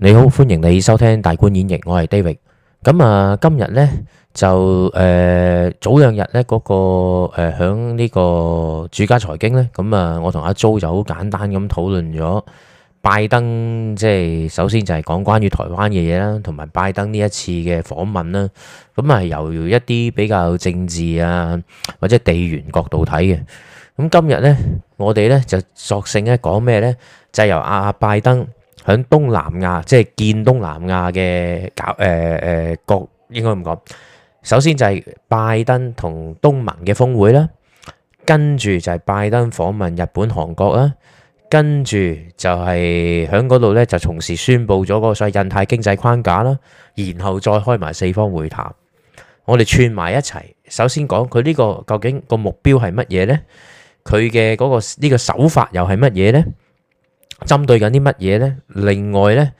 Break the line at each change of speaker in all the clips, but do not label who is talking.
你好，歡迎你收聽大觀演繹，我係 David。咁啊，今日呢，就誒、呃、早兩日呢嗰個誒響呢個主家財經呢。咁啊我同阿 Jo 就好簡單咁討論咗拜登，即係首先就係講關於台灣嘅嘢啦，同埋拜登呢一次嘅訪問啦，咁啊由一啲比較政治啊或者地緣角度睇嘅。咁今日呢，我哋呢就索性咧講咩呢？就係、由阿拜登。喺東南亞，即係建東南亞嘅搞誒誒、呃呃、國，應該咁講。首先就係拜登同東盟嘅峰會啦，跟住就係拜登訪問日本、韓國啦，跟住就係喺嗰度咧就同時宣布咗嗰、嗰個所謂印太經濟框架啦，然後再開埋四方會談。我哋串埋一齊，首先講佢呢個究竟個目標係乜嘢咧？佢嘅嗰個呢、呢個手法又係乜嘢咧？針對緊啲乜嘢咧？另外咧，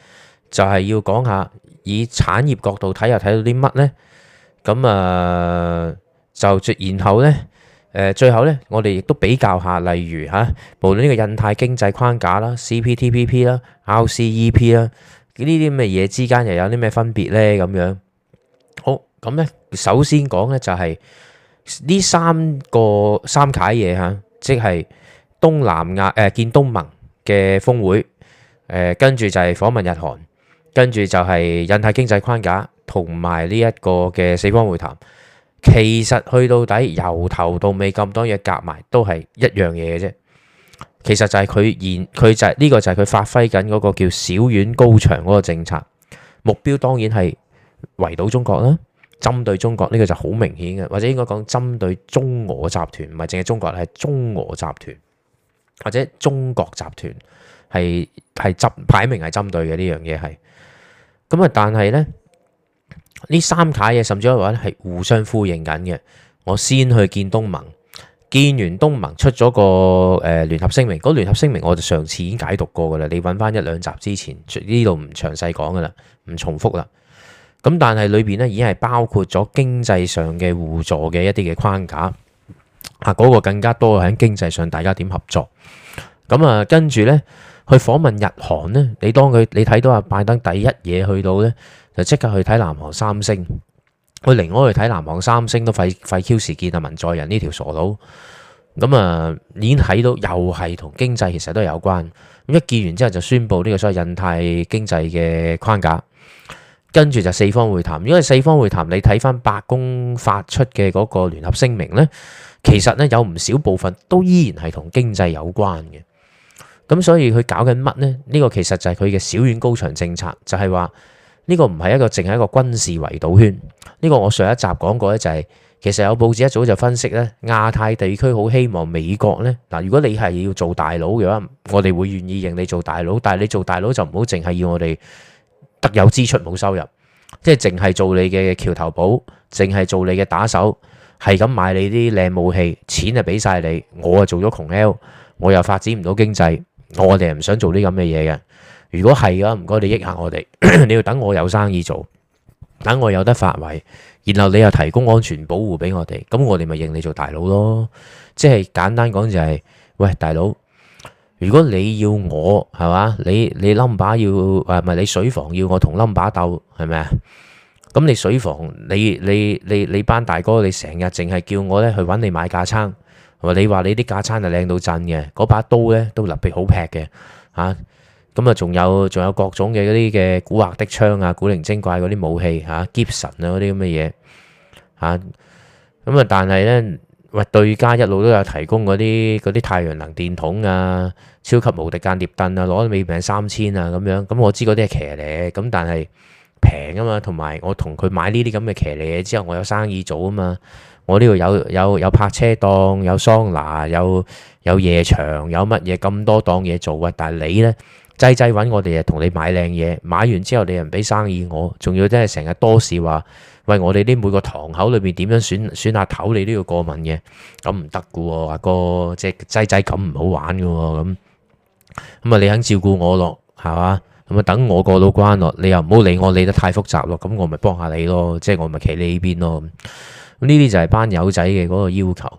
就係要講下以產業角度睇又睇到啲乜咧？咁啊，就然後咧，誒最後咧，我哋亦都比較下，例如嚇，無論呢個印太經濟框架啦、CPTPP 啦、RCEP 啦，呢啲咁嘅嘢之間又有啲咩分別咧？咁樣好咁咧，首先講咧就係呢三個三卡嘢嚇，即係東南亞誒建東盟。嘅峰會，誒、呃，跟住就係訪問日韓，跟住就係印太經濟框架，同埋呢一個嘅四方會談，其實去到底由頭到尾咁多嘢夾埋，都係一樣嘢嘅啫。其實就係佢現，佢就係、是、呢、這個就係佢發揮緊嗰個叫小院高牆嗰個政策目標，當然係圍堵中國啦，針對中國呢、這個就好明顯嘅，或者應該講針對中俄集團，唔係淨係中國，係中俄集團。或者中國集團係係針排名係針對嘅呢樣嘢係，咁啊！但係咧呢三架嘢甚至可以話係互相呼應緊嘅。我先去見東盟，見完東盟出咗個誒聯合聲明，嗰聯合聲明我就上次已經解讀過噶啦，你揾翻一兩集之前呢度唔詳細講噶啦，唔重複啦。咁但係裏邊咧已經係包括咗經濟上嘅互助嘅一啲嘅框架。啊！嗰、那個更加多喺經濟上，大家點合作咁啊？跟住呢去訪問日韓呢，你當佢你睇到阿拜登第一嘢去到呢，就即刻去睇南韓三星。佢寧可去睇南韓三星都費費 q 時間啊！文在人呢條傻佬咁啊，已經睇到又係同經濟其實都有關。咁一見完之後就宣布呢個所謂印太經濟嘅框架，跟住就四方會談。因為四方會談，你睇翻白宮發出嘅嗰個聯合聲明呢。其實咧有唔少部分都依然係同經濟有關嘅，咁所以佢搞緊乜呢？呢、呢個其實就係佢嘅小院高牆政策，就係話呢個唔係一個淨係一個軍事圍堵圈。呢個我上一集講過咧、就係，就係其實有報紙一早就分析呢，亞太地區好希望美國呢嗱，如果你係要做大佬嘅話，我哋會願意認你做大佬，但係你做大佬就唔好淨係要我哋得有支出冇收入，即係淨係做你嘅橋頭堡，淨係做你嘅打手。係咁買你啲靚武器，錢就俾晒你，我啊做咗窮 L，我又發展唔到經濟，我哋又唔想做啲咁嘅嘢嘅。如果係嘅話，唔該你益下我哋， 你要等我有生意做，等我有得發圍，然後你又提供安全保護俾我哋，咁我哋咪認你做大佬咯。即係簡單講就係、是，喂大佬，如果你要我係嘛，你你冧把要啊咪、呃、唔係、你水房要我同冧把鬥係咪啊？咁你水房，你你你你班大哥，你成日淨係叫我咧去搵你買架槍，你話你啲架槍係靚到震嘅，嗰把刀咧都特別好劈嘅，吓咁啊，仲有仲有各種嘅嗰啲嘅古惑的槍啊，古靈精怪嗰啲武器吓，Gibson 啊嗰啲咁嘅嘢，吓咁啊，但係咧喂，對家一路都有提供嗰啲嗰啲太陽能電筒啊，超級無敵間諜燈啊，攞你命三千啊咁樣，咁、啊、我知嗰啲係騎嘅，咁但係。平啊嘛，同埋我同佢買呢啲咁嘅騎呢嘢之後，我有生意做啊嘛。我呢度有有有泊車檔，有桑拿，有有夜場，有乜嘢咁多檔嘢做啊。但係你呢，濟濟揾我哋又同你買靚嘢，買完之後你又唔俾生意我，仲要真係成日多事話，喂我哋啲每個堂口裏面點樣選選阿頭，你都要過問嘅，咁唔得噶喎。阿哥即係濟濟咁唔好玩噶喎，咁咁啊你肯照顧我咯，係嘛？咁啊，等我過到關咯，你又唔好理我，理得太複雜咯，咁我咪幫下你咯，即係我咪企你呢邊咯。咁呢啲就係班友仔嘅嗰個要求。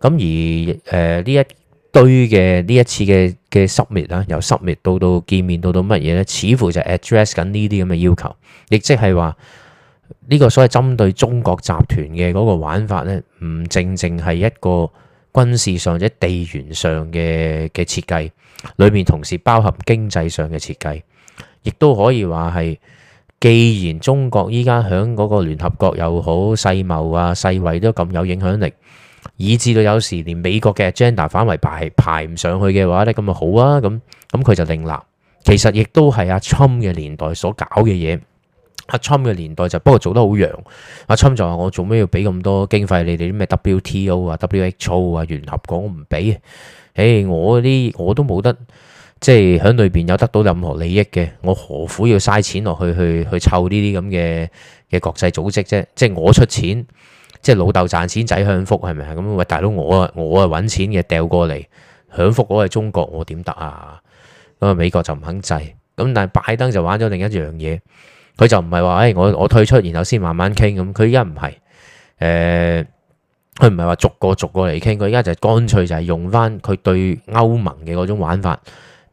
咁而誒呢、呃、一堆嘅呢一次嘅嘅 summit 啦，mit, 由 summit 到到見面到到乜嘢呢？似乎就係 address 緊呢啲咁嘅要求，亦即係話呢個所謂針對中國集團嘅嗰個玩法呢，唔正正係一個。軍事上或者地緣上嘅嘅設計，裏面同時包含經濟上嘅設計，亦都可以話係，既然中國依家響嗰個聯合國又好，世貿啊、世衞都咁有影響力，以至到有時連美國嘅 agenda 反為排排唔上去嘅話呢，咁啊好啊，咁咁佢就另立，其實亦都係阿侵嘅年代所搞嘅嘢。阿侵嘅年代就是，不過做得好揚。阿侵就話我做咩要俾咁多經費你哋啲咩 WTO 啊、WHO 啊、聯合國我、欸？我唔俾。誒，我嗰啲我都冇得即係喺裏邊有得到任何利益嘅，我何苦要嘥錢落去去去湊呢啲咁嘅嘅國際組織啫？即係我出錢，即係老豆賺錢，仔享福係咪咁？喂，大佬我啊我啊揾錢嘅掉過嚟享福，我係中國，我點得啊？咁啊，美國就唔肯制咁，但係拜登就玩咗另一樣嘢。佢就唔係話，誒，我我退出，然後先慢慢傾咁。佢依家唔係，誒、呃，佢唔係話逐個逐個嚟傾。佢依家就係乾脆就係用翻佢對歐盟嘅嗰種玩法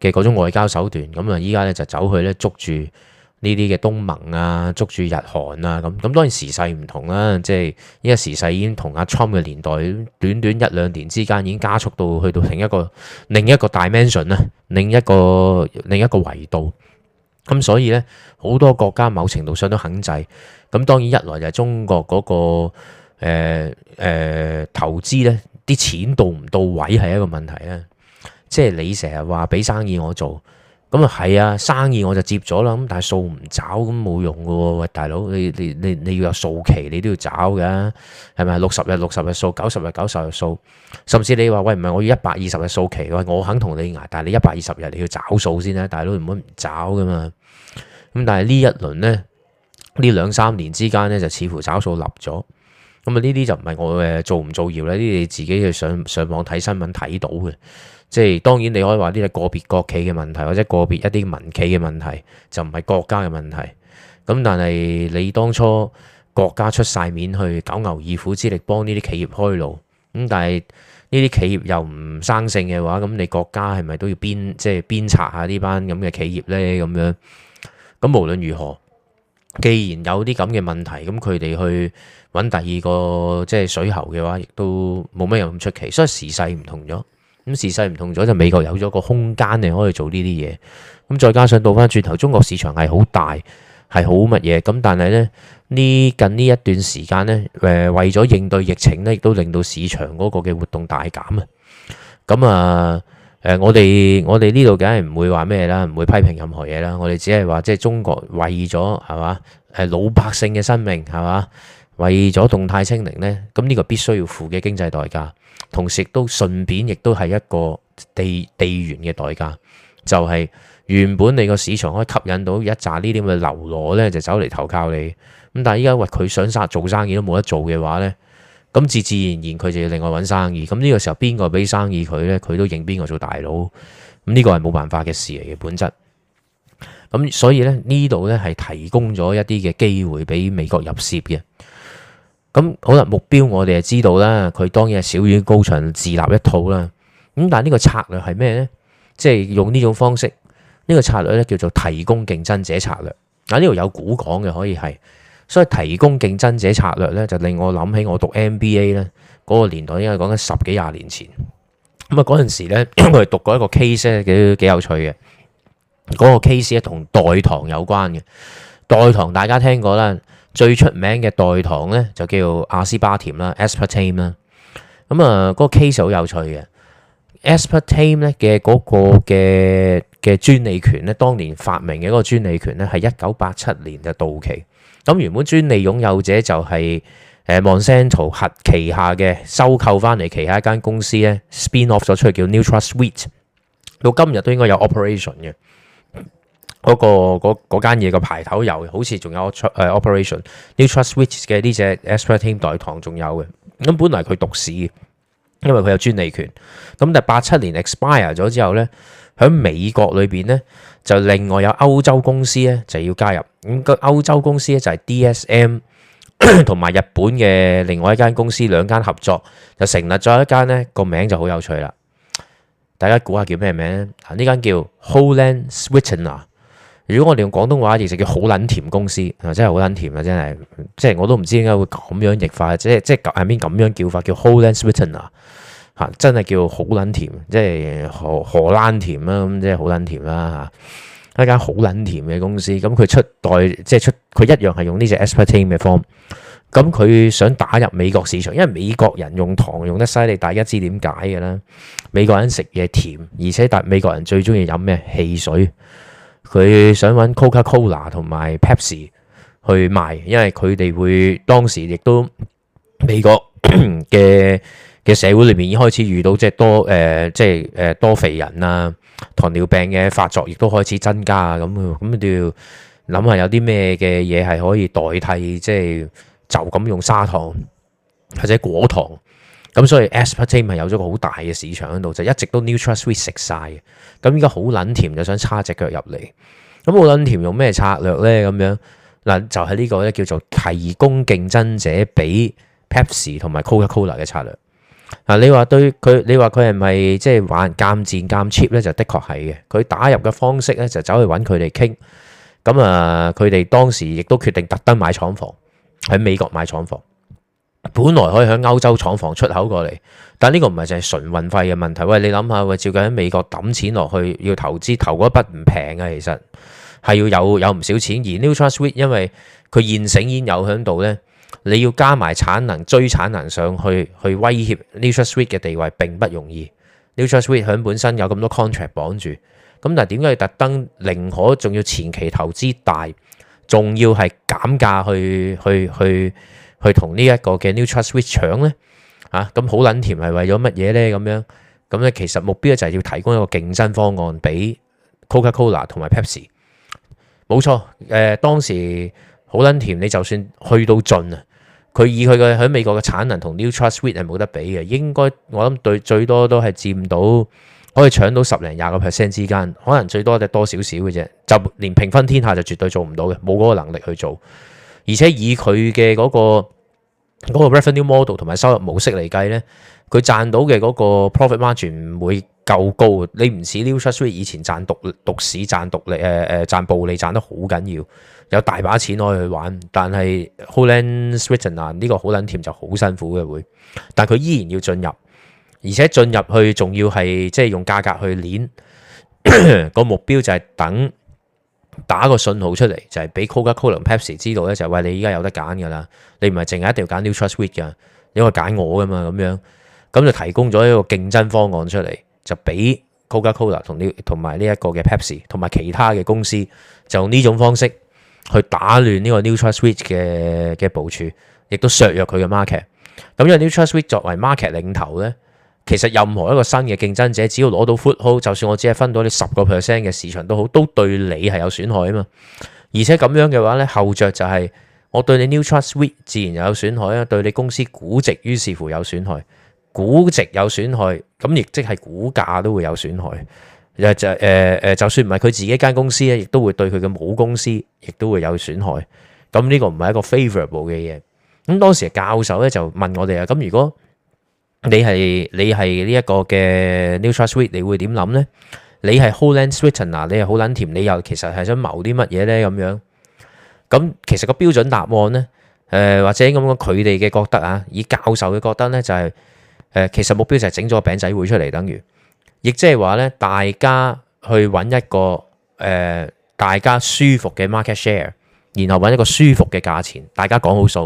嘅嗰種外交手段。咁啊，依家咧就走去咧捉住呢啲嘅東盟啊，捉住日韓啊咁。咁當然時勢唔同啦，即係依家時勢已經同阿 Trump 嘅年代短短一兩年之間已經加速到去到另一個另一個 dimension 啦，另一個另一個維度。咁所以咧，好多國家某程度上都肯制。咁當然一來就係中國嗰個誒誒投資咧，啲錢到唔到位係一個問題咧。即係你成日話俾生意我做。咁啊，係啊，生意我就接咗啦。咁但係數唔找咁冇用噶喎，喂，大佬，你你你你要有數期，你都要找噶，係咪？六十日六十日數，九十日九十日數，甚至你話喂唔係，我要一百二十日數期，喂，我肯同你挨，但係你一百二十日你要找數先啦，大佬，唔好唔找噶嘛。咁但係呢一輪呢，呢兩三年之間呢，就似乎找數立咗。咁啊，呢啲，嗯、就唔係我誒造唔造謠咧，呢啲你自己去上上網睇新聞睇到嘅。即係當然你可以話呢個個別國企嘅問題，或者個別一啲民企嘅問題，就唔係國家嘅問題。咁但係你當初國家出晒面去九牛二虎之力幫呢啲企業開路，咁但係呢啲企業又唔生性嘅話，咁你國家係咪都要鞭即係鞭策下呢班咁嘅企業咧？咁樣咁無論如何。既然有啲咁嘅問題，咁佢哋去揾第二個即係水喉嘅話，亦都冇乜嘢咁出奇。所以時勢唔同咗，咁時勢唔同咗，就美國有咗個空間你可以做呢啲嘢。咁再加上到翻轉頭，中國市場係好大，係好乜嘢咁？但係呢呢近呢一段時間呢，誒為咗應對疫情呢，亦都令到市場嗰個嘅活動大減啊。咁啊～誒、呃，我哋我哋呢度梗係唔會話咩啦，唔會批評任何嘢啦。我哋只係話，即係中國為咗係嘛，係、呃、老百姓嘅生命係嘛，為咗動態清零咧，咁、這、呢個必須要付嘅經濟代價，同時亦都順便亦都係一個地地緣嘅代價，就係、是、原本你個市場可以吸引到一紮呢啲咁嘅流羅咧，就走嚟投靠你。咁但係依家話佢想殺做生意都冇得做嘅話咧。咁自自然然佢就要另外揾生意，咁、這、呢個時候邊個俾生意佢呢？佢都認邊個做大佬，咁、這、呢個係冇辦法嘅事嚟嘅本質。咁、嗯、所以呢呢度呢係提供咗一啲嘅機會俾美國入涉嘅。咁、嗯、好啦，目標我哋係知道啦，佢當然係小院高牆自立一套啦。咁但係呢個策略係咩呢？即係用呢種方式，呢、這個策略呢叫做提供競爭者策略。嗱、啊，呢度有古講嘅可以係。所以提供競爭者策略咧，就令我諗起我讀 MBA 咧嗰、那個年代，應該講緊十幾廿年前咁啊。嗰、嗯、陣時咧，我哋讀過一個 case 幾幾有趣嘅，嗰、那個 case 咧，同代糖有關嘅代糖。大家聽過啦，最出名嘅代糖咧就叫做阿斯巴甜啦 （aspartame） 啦。咁啊，嗰、啊那個 case 好有趣嘅 aspartame 咧嘅嗰個嘅嘅專利權咧，當年發明嘅嗰個專利權咧，係一九八七年就到期。咁原本專利擁有者就係誒 Monsanto 核旗下嘅收購翻嚟旗下一間公司咧，spin off 咗出去叫 NutraSweet，到今日都應該有 operation 嘅嗰、嗰個間嘢嘅牌頭有，好似仲有出誒 operation NutraSweet 嘅呢隻 aspartame 代糖仲有嘅。咁本來佢獨市，因為佢有專利權，咁但係八七年 expire 咗之後咧。喺美國裏邊咧，就另外有歐洲公司咧就要加入，咁、個歐洲公司咧就係 DSM 同埋 日本嘅另外一間公司兩間合作，就成立咗一間咧個名就好有趣啦！大家估下叫咩名？呢間叫 Holland Sweetener。如果我哋用廣東話，其實就叫好撚甜公司，真係好撚甜啊！真係，即係我都唔知點解會咁樣譯法，即係即係咁，係 I mean 咁樣叫法叫 Holland Sweetener 啊？真係叫好撚甜，即係荷荷蘭甜啦，咁即係好撚甜啦嚇。一間好撚甜嘅公司，咁佢出代即係出，佢一樣係用呢隻 Esperstein 嘅 Form。咁佢想打入美國市場，因為美國人用糖用得犀利，大家知點解嘅啦。美國人食嘢甜，而且但美國人最中意飲咩汽水？佢想揾 Coca-Cola 同埋 Pepsi 去賣，因為佢哋會當時亦都美國嘅。 嘅社會裏面，已開始遇到即係多誒、呃，即係誒、呃、多肥人啊，糖尿病嘅發作亦都開始增加啊咁，咁都要諗下有啲咩嘅嘢係可以代替，即係就咁用砂糖或者果糖。咁、嗯、所以 Aspartame 係有咗個好大嘅市場喺度，就一直都 NutraSweet 食曬。咁而家好撚甜就想叉隻腳入嚟。咁好撚甜用咩策略咧？咁樣嗱就係、是、呢個咧叫做提供競爭者俾 Pepsi 同埋 Coca-Cola 嘅策略。嗱、啊，你話對佢，你話佢係咪即係玩咁賤，咁 cheap 咧？就的確係嘅，佢打入嘅方式咧就走去搵佢哋傾。咁、嗯、啊，佢哋當時亦都決定特登買廠房喺美國買廠房，本來可以喺歐洲廠房出口過嚟，但呢個唔係淨係純運費嘅問題。喂，你諗下，喂，照緊喺美國抌錢落去，要投資投嗰一筆唔平啊。其實係要有有唔少錢。而 NutraSweet e 因為佢現成已經有喺度咧。你要加埋產能追產能上去去威脅 NutraSweet 嘅地位並不容易。NutraSweet 響本身有咁多 contract 綁住，咁但係點解特登寧可仲要前期投資大，仲要係減價去去去去同呢一個嘅 NutraSweet 搶咧？啊，咁好撚甜係為咗乜嘢呢？咁樣咁咧，其實目標就係要提供一個競爭方案俾 Coca Cola 同埋 Pepsi。冇錯，誒、呃、當時。好撚甜，你就算去到盡啊！佢以佢嘅喺美國嘅產能同 NutraSweet 係冇得比嘅，應該我諗對最多都係佔到可以搶到十零廿個 percent 之間，可能最多就多少少嘅啫，就連平分天下就絕對做唔到嘅，冇嗰個能力去做，而且以佢嘅嗰個、嗰個、Revenue Model 同埋收入模式嚟計呢，佢賺到嘅嗰個 Profit Margin 唔會夠高，你唔似 NutraSweet 以前賺獨獨市賺獨利，誒、呃、誒賺暴利賺得好緊要，有大把錢可以去玩。但係 Holland Sweetener 呢個好撚甜就好辛苦嘅會，但佢依然要進入，而且進入去仲要係即係用價格去碾個 目標就係等打個信號出嚟，就係、是、俾 Coca-Cola Pepsi 知道咧，就係、是、喂，你依家有得揀㗎啦，你唔係淨係一定要揀 NutraSweet 㗎，因為揀我㗎嘛咁樣，咁就提供咗一個競爭方案出嚟。就俾 Coca-Cola 同呢同埋呢一個嘅 Pepsi 同埋其他嘅公司，就用呢種方式去打亂呢個 NutraSweet e 嘅嘅部署，亦都削弱佢嘅 market。咁因為 NutraSweet 作為 market 領頭咧，其實任何一個新嘅競爭者只要攞到 foot-hold，就算我只係分到你十個 percent 嘅市場都好，都對你係有損害啊嘛。而且咁樣嘅話咧，後着就係我對你 NutraSweet e 自然又有損害啊，對你公司估值於是乎有損害。估值有損害，咁亦即係股價都會有損害。就就誒誒，就算唔係佢自己間公司咧，亦都會對佢嘅母公司，亦都會有損害。咁呢個唔係一個 favorable 嘅嘢。咁當時教授咧就問我哋啊，咁如果你係你係呢一個嘅 NutraSweet，你會點諗咧？你係 Holland Sweetener，你係好撚甜，你又其實係想謀啲乜嘢咧？咁樣咁其實個標準答案咧，誒或者咁講佢哋嘅覺得啊，以教授嘅覺得咧就係。誒其實目標就係整咗個餅仔會出嚟，等於，亦即係話咧，大家去揾一個誒、呃、大家舒服嘅 market share，然後揾一個舒服嘅價錢，大家講好數，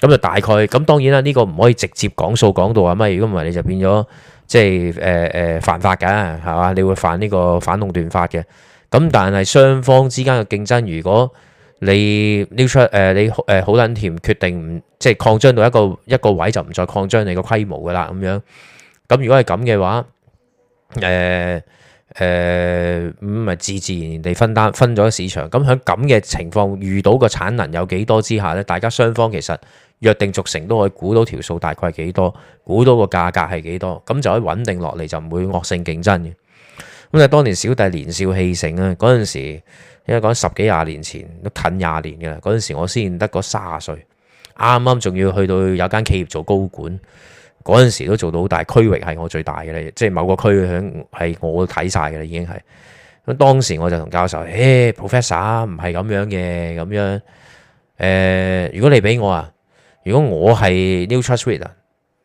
咁就大概。咁當然啦，呢個唔可以直接講數講到啊咩？如果唔係你就變咗即係誒誒犯法㗎，係嘛？你會犯呢個反壟斷法嘅。咁但係雙方之間嘅競爭，如果你 new 出你誒好撚甜，決定唔即係擴張到一個一個位就唔再擴張你個規模噶啦咁樣。咁如果係咁嘅話，誒誒咁咪自自然然地分擔分咗市場。咁喺咁嘅情況遇到個產能有幾多之下咧，大家雙方其實約定俗成都可以估到條數大概係幾多，估到個價格係幾多，咁就可以穩定落嚟，就唔會惡性競爭嘅。咁就係當年小弟年少氣盛啊，嗰陣時。因為講十幾廿年前都近廿年嘅啦，嗰陣時我先得嗰三十歲，啱啱仲要去到有間企業做高管，嗰陣時都做到好大區域係我最大嘅啦，即係某個區響係我睇晒嘅啦，已經係咁。當時我就同教授誒 Professor，唔係咁樣嘅，咁樣誒、呃，如果你俾我啊，如果我係 New Trust Leader，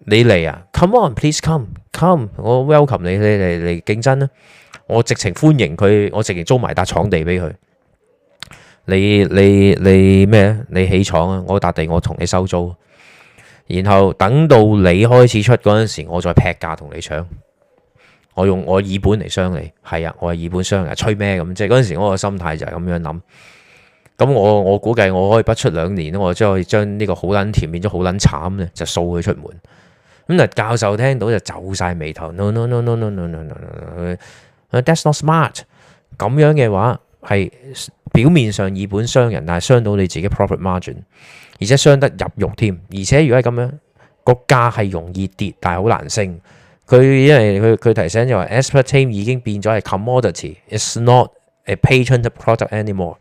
你嚟啊，Come on please come come，我 welcome 你，你嚟嚟競爭啦，我直情歡迎佢，我直情租埋笪廠地俾佢。你你你咩？你起廠啊？我笪地，我同你收租，然後等到你開始出嗰陣時，我再劈價同你搶。我用我以本嚟傷你，係啊，我係以本傷人，吹咩咁？即係嗰陣時我個心態就係咁樣諗。咁我我估計我可以不出兩年，我就可以將呢個好捻甜變咗好捻慘咧，就掃佢出門。咁啊，教授聽到就皺晒眉頭，no no no no no no no no，that's not smart。咁樣嘅話係。表面上以本傷人，但係傷到你自己 profit margin，而且傷得入肉添。而且如果係咁樣，個價係容易跌，但係好難升。佢因為佢佢提醒就話，aspartame 已經變咗係 commodity，it's not a patented product anymore。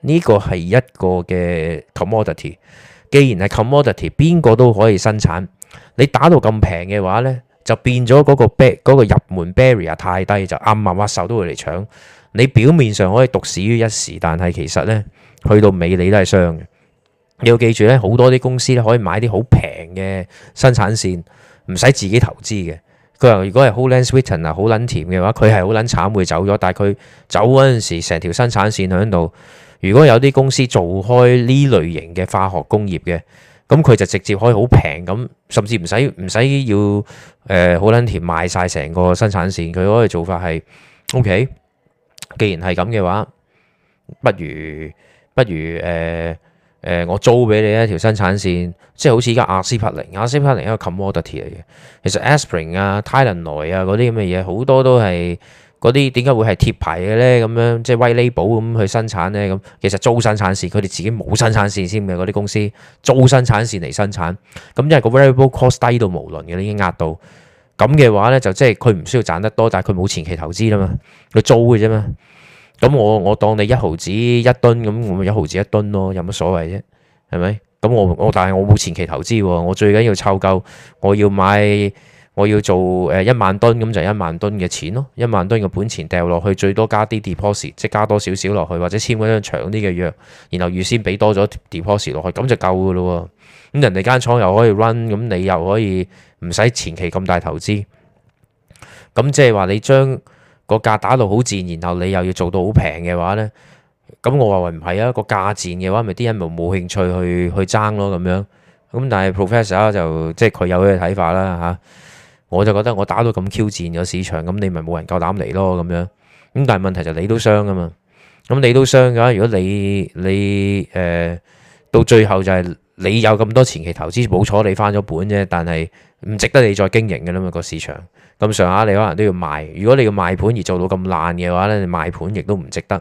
呢個係一個嘅 commodity。既然係 commodity，邊個都可以生產。你打到咁平嘅話呢，就變咗嗰個 bar 嗰個入門 barrier 太低，就啱唔啱手都會嚟搶。你表面上可以獨市於一時，但係其實呢，去到尾你都係傷嘅。你要記住呢，好多啲公司咧可以買啲好平嘅生產線，唔使自己投資嘅。佢話如果係好撚 sweet 啊，好撚甜嘅話，佢係好撚慘，會走咗。但係佢走嗰陣時，成條生產線喺度。如果有啲公司做開呢類型嘅化學工業嘅，咁佢就直接可以好平咁，甚至唔使唔使要誒好撚甜賣晒成個生產線。佢嗰個做法係 O K。OK？既然係咁嘅話，不如不如誒誒、呃呃，我租俾你一條生產線，即係好似而家阿司匹靈，阿司匹靈一個 commodity 嚟嘅。其實 aspirin 啊、Tylenol 啊嗰啲咁嘅嘢，好多都係嗰啲點解會係貼牌嘅呢？咁樣即係 white label 咁去生產呢。咁其實租生產線，佢哋自己冇生產線先嘅嗰啲公司，租生產線嚟生產。咁因為個 variable cost 低到無論嘅，你已經壓到。咁嘅話呢，就即係佢唔需要賺得多，但係佢冇前期投資啦嘛，佢租嘅啫嘛。咁我我當你一毫子一噸咁，我咪一毫子一噸咯，有乜所謂啫？係咪？咁我我但係我冇前期投資喎，我最緊要湊夠，我要買，我要做誒一萬噸咁就一萬噸嘅錢咯，一萬噸嘅本錢掉落去，最多加啲 deposit，即加多少少落去，或者簽嗰張長啲嘅約，然後預先俾多咗 deposit 落去，咁就夠噶咯。咁人哋間廠又可以 run，咁你又可以。唔使前期咁大投資，咁即係話你將個價打到好賤，然後你又要做到好平嘅話咧，咁我話喂唔係啊，個價賤嘅話，咪啲、就是、人咪冇興趣去去爭咯咁樣。咁但係 professor 就即係佢有佢嘅睇法啦吓，我就覺得我打到咁 Q 賤個市場，咁你咪冇人夠膽嚟咯咁樣。咁但係問題就你都傷噶嘛，咁你都傷㗎，如果你你誒、呃、到最後就係你有咁多前期投資冇錯，你翻咗本啫，但係。唔值得你再經營嘅啦嘛，這個市場咁上下你可能都要賣。如果你要賣盤而做到咁爛嘅話呢，你賣盤亦都唔值得。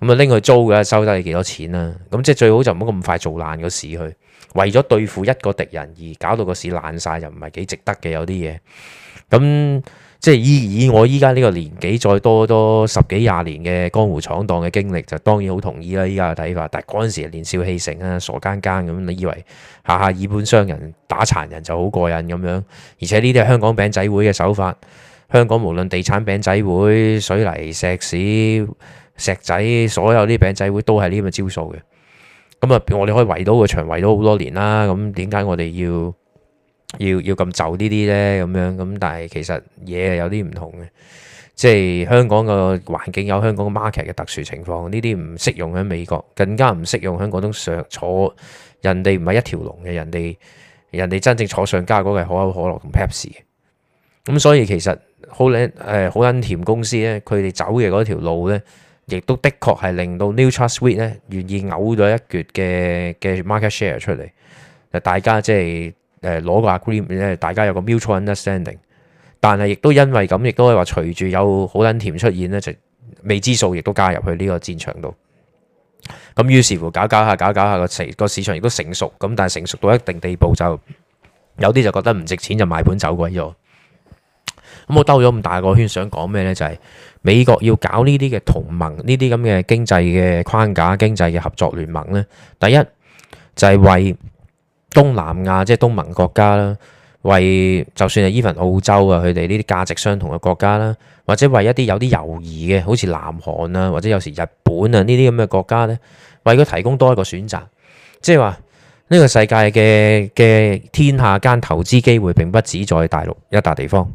咁啊拎去租嘅收得你幾多錢啦，啊？咁即係最好就唔好咁快做爛個市去。為咗對付一個敵人而搞到個市爛晒，就唔係幾值得嘅有啲嘢。咁。即係依以我依家呢個年紀，再多多十幾廿年嘅江湖闖蕩嘅經歷，就當然好同意啦。依家嘅睇法，但係嗰陣時年少氣盛啊，傻更更咁，你以為下下以本傷人打殘人就好過癮咁樣，而且呢啲係香港餅仔會嘅手法。香港無論地產餅仔會、水泥、石屎、石仔，所有啲餅仔會都係呢啲咁嘅招數嘅。咁啊，我哋可以圍到個場，圍到好多年啦。咁點解我哋要？要要咁就呢啲咧咁樣，咁，但係其實嘢有啲唔同嘅，即係香港個環境有香港 market 嘅特殊情況，呢啲唔適用喺美國，更加唔適用喺嗰種上坐人哋唔係一條龍嘅人哋，人哋真正坐上家嗰個係可口可樂同 Pepsi。咁所以其實好靚，誒好靚甜公司咧，佢哋走嘅嗰條路咧，亦都的確係令到 NutraSweet 咧願意嘔咗一橛嘅嘅 market share 出嚟，就大家即係。誒攞、呃、個 agreement，大家有個 mutual understanding，但係亦都因為咁，亦都係話隨住有好撚甜出現咧，就未知數亦都加入去呢個戰場度。咁於是乎搞一搞下，搞搞下個市個市場亦都成熟。咁但係成熟到一定地步就，就有啲就覺得唔值錢，就賣盤走鬼咗。咁我兜咗咁大個圈，想講咩呢？就係、是、美國要搞呢啲嘅同盟，呢啲咁嘅經濟嘅框架、經濟嘅合作聯盟呢。第一就係、是、為。東南亞即係東盟國家啦，為就算係 even 澳洲啊，佢哋呢啲價值相同嘅國家啦，或者為一啲有啲猶豫嘅，好似南韓啊，或者有時日本啊呢啲咁嘅國家呢，為佢提供多一個選擇。即係話呢個世界嘅嘅天下間投資機會並不止在大陸一笪地方，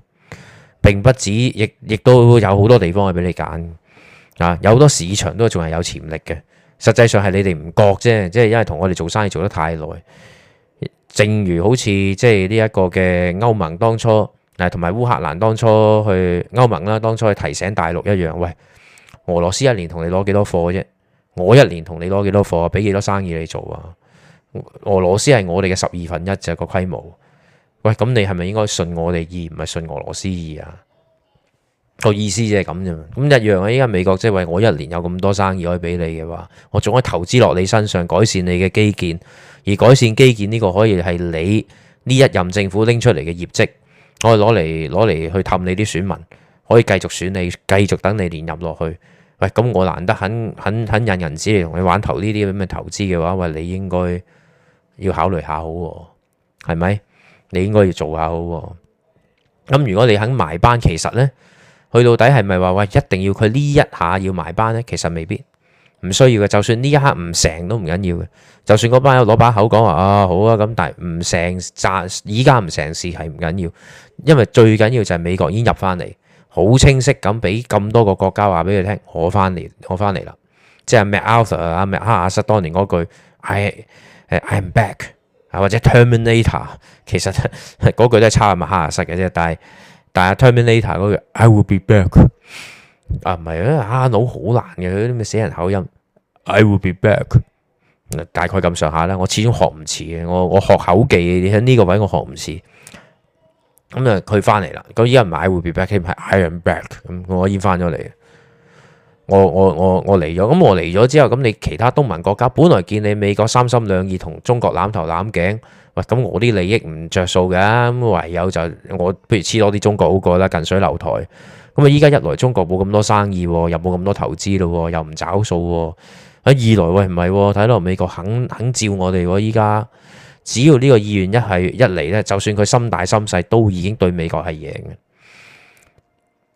並不止，亦亦都有好多地方係俾你揀啊！有好多市場都仲係有潛力嘅，實際上係你哋唔覺啫，即係因為同我哋做生意做得太耐。正如好似即係呢一個嘅歐盟當初，誒同埋烏克蘭當初去歐盟啦，當初去提醒大陸一樣，喂，俄羅斯一年同你攞幾多貨啫？我一年同你攞幾多貨？俾幾多生意你做啊？俄羅斯係我哋嘅十二分一就個規模，喂，咁你係咪應該信我哋二，唔係信俄羅斯二啊？個意思即係咁啫嘛，咁一樣啊！依家美國即係話我一年有咁多生意可以俾你嘅話，我仲可以投資落你身上，改善你嘅基建。而改善基建呢個可以係你呢一任政府拎出嚟嘅業績，可以攞嚟攞嚟去氹你啲選民，可以繼續選你，繼續等你連任落去。喂，咁我難得肯，肯肯引人資嚟同你玩投呢啲咁嘅投資嘅話，喂，你應該要考慮下好，係咪？你應該要做下好。咁如果你肯埋班，其實咧，去到底係咪話喂一定要佢呢一下要埋班咧？其實未必。唔需要嘅，就算呢一刻唔成都唔緊要嘅。就算嗰班友攞把口講話啊好啊咁，但係唔成扎，依家唔成事係唔緊要。因為最緊要就係美國已經入翻嚟，好清晰咁俾咁多個國家話俾佢聽，我翻嚟，我翻嚟啦。即係咩 MacArthur 啊咩？哈 c 阿薩當年嗰句 I am back 啊或者 Terminator，其實嗰句都係差阿 m 哈 c 阿薩嘅啫。但係但係 Terminator 嗰句 I will be back。啊，唔係啊，腦好難嘅，佢啲咩死人口音，I will be back，大概咁上下啦。我始終學唔似嘅，我我學口技，你喺呢個位我學唔似。咁、嗯、啊，佢翻嚟啦。咁而家唔係 I will be back，係 I am back，嗯。咁我已經翻咗嚟。我我我我嚟咗。咁我嚟咗之後，咁你其他東盟國家本來見你美國三心兩意同中國攬頭攬頸，喂，咁我啲利益唔着數嘅，唯有就我不如黐多啲中國好過啦，近水樓台。咁啊，依家一來中國冇咁多生意，又冇咁多投資咯，又唔找數喎，二來喂唔係，睇落美國肯肯照我哋，依家只要呢個意願一係一嚟咧，就算佢心大心細，都已經對美國係贏嘅。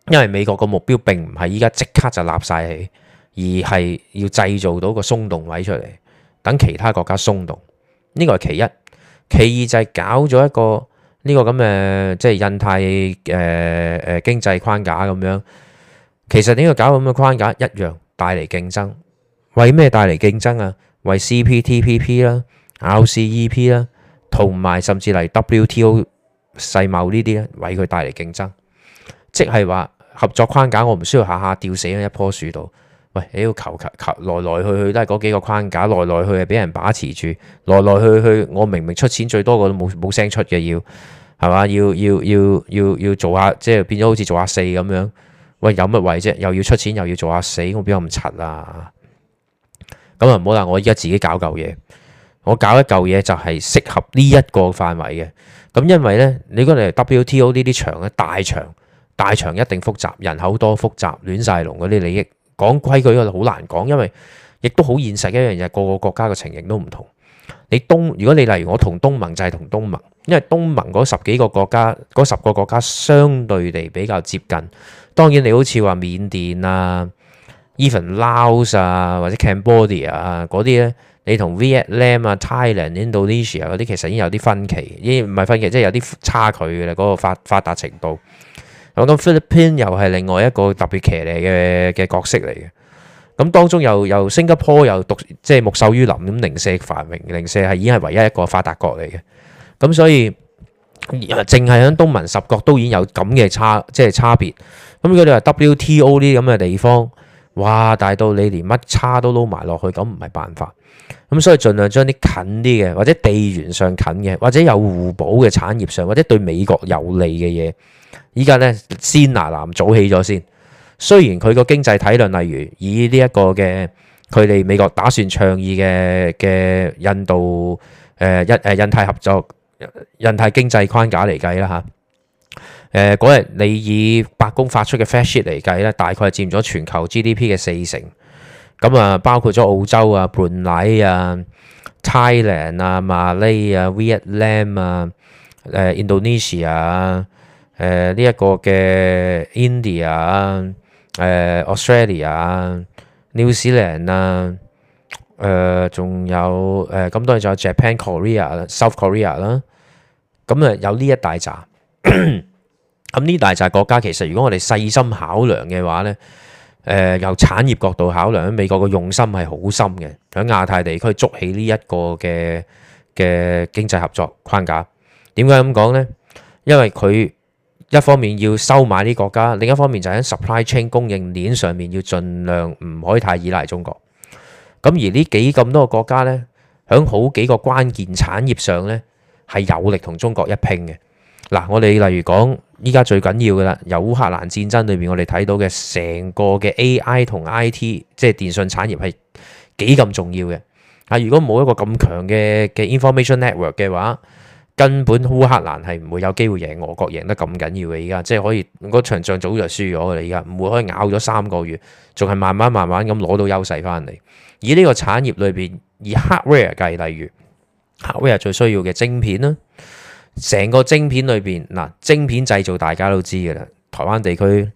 因為美國個目標並唔係依家即刻就立晒起，而係要製造到個鬆動位出嚟，等其他國家鬆動。呢個係其一，其二就係搞咗一個。呢個咁嘅，即係印太誒誒、呃、經濟框架咁樣，其實呢個搞咁嘅框架一樣帶嚟競爭。為咩帶嚟競爭啊？為 CPTPP 啦、RCEP 啦，同埋甚至嚟 WTO 世貿呢啲咧，為佢帶嚟競爭。即係話合作框架，我唔需要下下吊死喺一棵樹度。喂，你要求求求來來去去都係嗰幾個框架，來來去去俾人把持住，來來去去我明明出錢最多我都冇冇聲出嘅，要係嘛？要要要要要做下，即係變咗好似做下四咁樣。喂，有乜位啫？又要出錢，又要做下四，我邊有咁柒啊？咁啊唔好啦，我依家自己搞嚿嘢，我搞一嚿嘢就係適合呢一個範圍嘅。咁因為呢，你嗰度 WTO 呢啲場咧大場，大場一定複雜，人口多複雜，亂晒龍嗰啲利益。講規矩我就好難講，因為亦都好現實一樣嘢。係個個國家嘅情形都唔同。你東，如果你例如我同東盟就係、是、同東盟，因為東盟嗰十幾個國家嗰十個國家相對地比較接近。當然你好似話緬甸啊、Even Laos 啊或者 Cambodia 啊嗰啲咧，你同 Vietnam 啊、Thailand、Indonesia 嗰啲其實已經有啲分歧，已經唔係分歧，即係有啲差距嘅啦，嗰、那個發發達程度。咁咁菲律賓又係另外一個特別騎呢嘅嘅角色嚟嘅，咁當中又又新加坡又獨即係木秀於林，咁零四繁榮，零四係已經係唯一一個發達國嚟嘅，咁、嗯、所以淨係喺東盟十國都已經有咁嘅差即係差別，咁如果你話 WTO 呢啲咁嘅地方，哇！大到你連乜差都撈埋落去，咁唔係辦法，咁、嗯、所以盡量將啲近啲嘅，或者地緣上近嘅，或者有互補嘅產業上，或者對美國有利嘅嘢。依家咧，先拿南早起咗先。雖然佢個經濟體量，例如以呢一個嘅佢哋美國打算倡議嘅嘅印度誒、呃、印誒印太合作印太經濟框架嚟計啦，嚇誒嗰日你以白宮發出嘅 fact sheet 嚟計咧，大概佔咗全球 GDP 嘅四成咁啊，包括咗澳洲啊、Brunei 啊、Thailand 啊、馬來啊、Vietnam 啊、誒 Indonesia 啊。誒呢一個嘅 India、呃 Zealand，呃呃、Japan, Korea、Korea，啊，誒 Australia 啊，New Zealand 啊，誒仲有誒咁多，仲有 Japan、Korea、South Korea 啦，咁啊有呢一大扎，咁 呢、嗯、大扎國家其實如果我哋細心考量嘅話咧，誒、呃、由產業角度考量，美國嘅用心係好深嘅，喺亞太地區築起呢一個嘅嘅經濟合作框架。點解咁講咧？因為佢一方面要收買啲國家，另一方面就喺 supply chain 供應鏈上面要盡量唔可以太依賴中國。咁而呢幾咁多個國家咧，喺好幾個關鍵產業上咧係有力同中國一拼嘅。嗱，我哋例如講依家最緊要嘅啦，由烏克蘭戰爭裏面我哋睇到嘅成個嘅 AI 同 IT 即係電信產業係幾咁重要嘅。啊，如果冇一個咁強嘅嘅 information network 嘅話，根本烏克蘭係唔會有機會贏俄國，贏得咁緊要嘅。而家即係可以，嗰場仗早就輸咗嘅。而家唔會可以咬咗三個月，仲係慢慢慢慢咁攞到優勢翻嚟。以呢個產業裏邊，以 hardware 計，例如 hardware 最需要嘅晶片啦，成個晶片裏邊嗱，晶片製造大家都知㗎啦。台灣地區誒、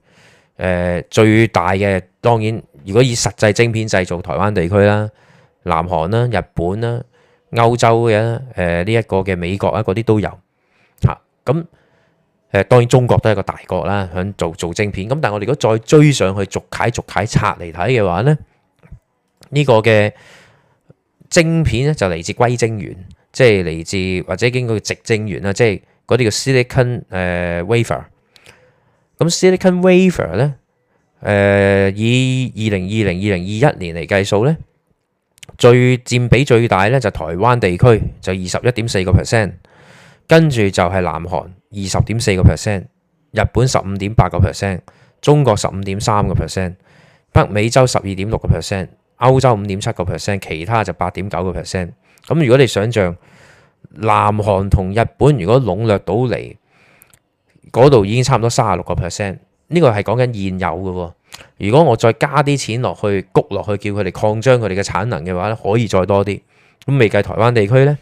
呃、最大嘅，當然如果以實際晶片製造，台灣地區啦、南韓啦、日本啦。歐洲嘅，誒呢一個嘅美國啊，嗰啲都有嚇。咁、嗯、誒、呃、當然中國都係一個大國啦，響做做晶片。咁但係我哋如果再追上去逐塊逐塊拆嚟睇嘅話咧，呢、這個嘅晶片咧就嚟自硅晶圓，即係嚟自或者經過直晶圓啦，即係嗰啲叫 silicon 誒、呃、wafer。咁 silicon wafer 咧，誒、呃、以二零二零二零二一年嚟計數咧。最佔比最大咧就是、台灣地區就二十一點四個 percent，跟住就係南韓二十點四個 percent，日本十五點八個 percent，中國十五點三個 percent，北美洲十二點六個 percent，歐洲五點七個 percent，其他就八點九個 percent。咁如果你想像南韓同日本如果籠絡到嚟，嗰度已經差唔多三十六個 percent，呢個係講緊現有嘅喎。如果我再加啲錢落去，谷落去叫佢哋擴張佢哋嘅產能嘅話咧，可以再多啲。咁未計台灣地區咧，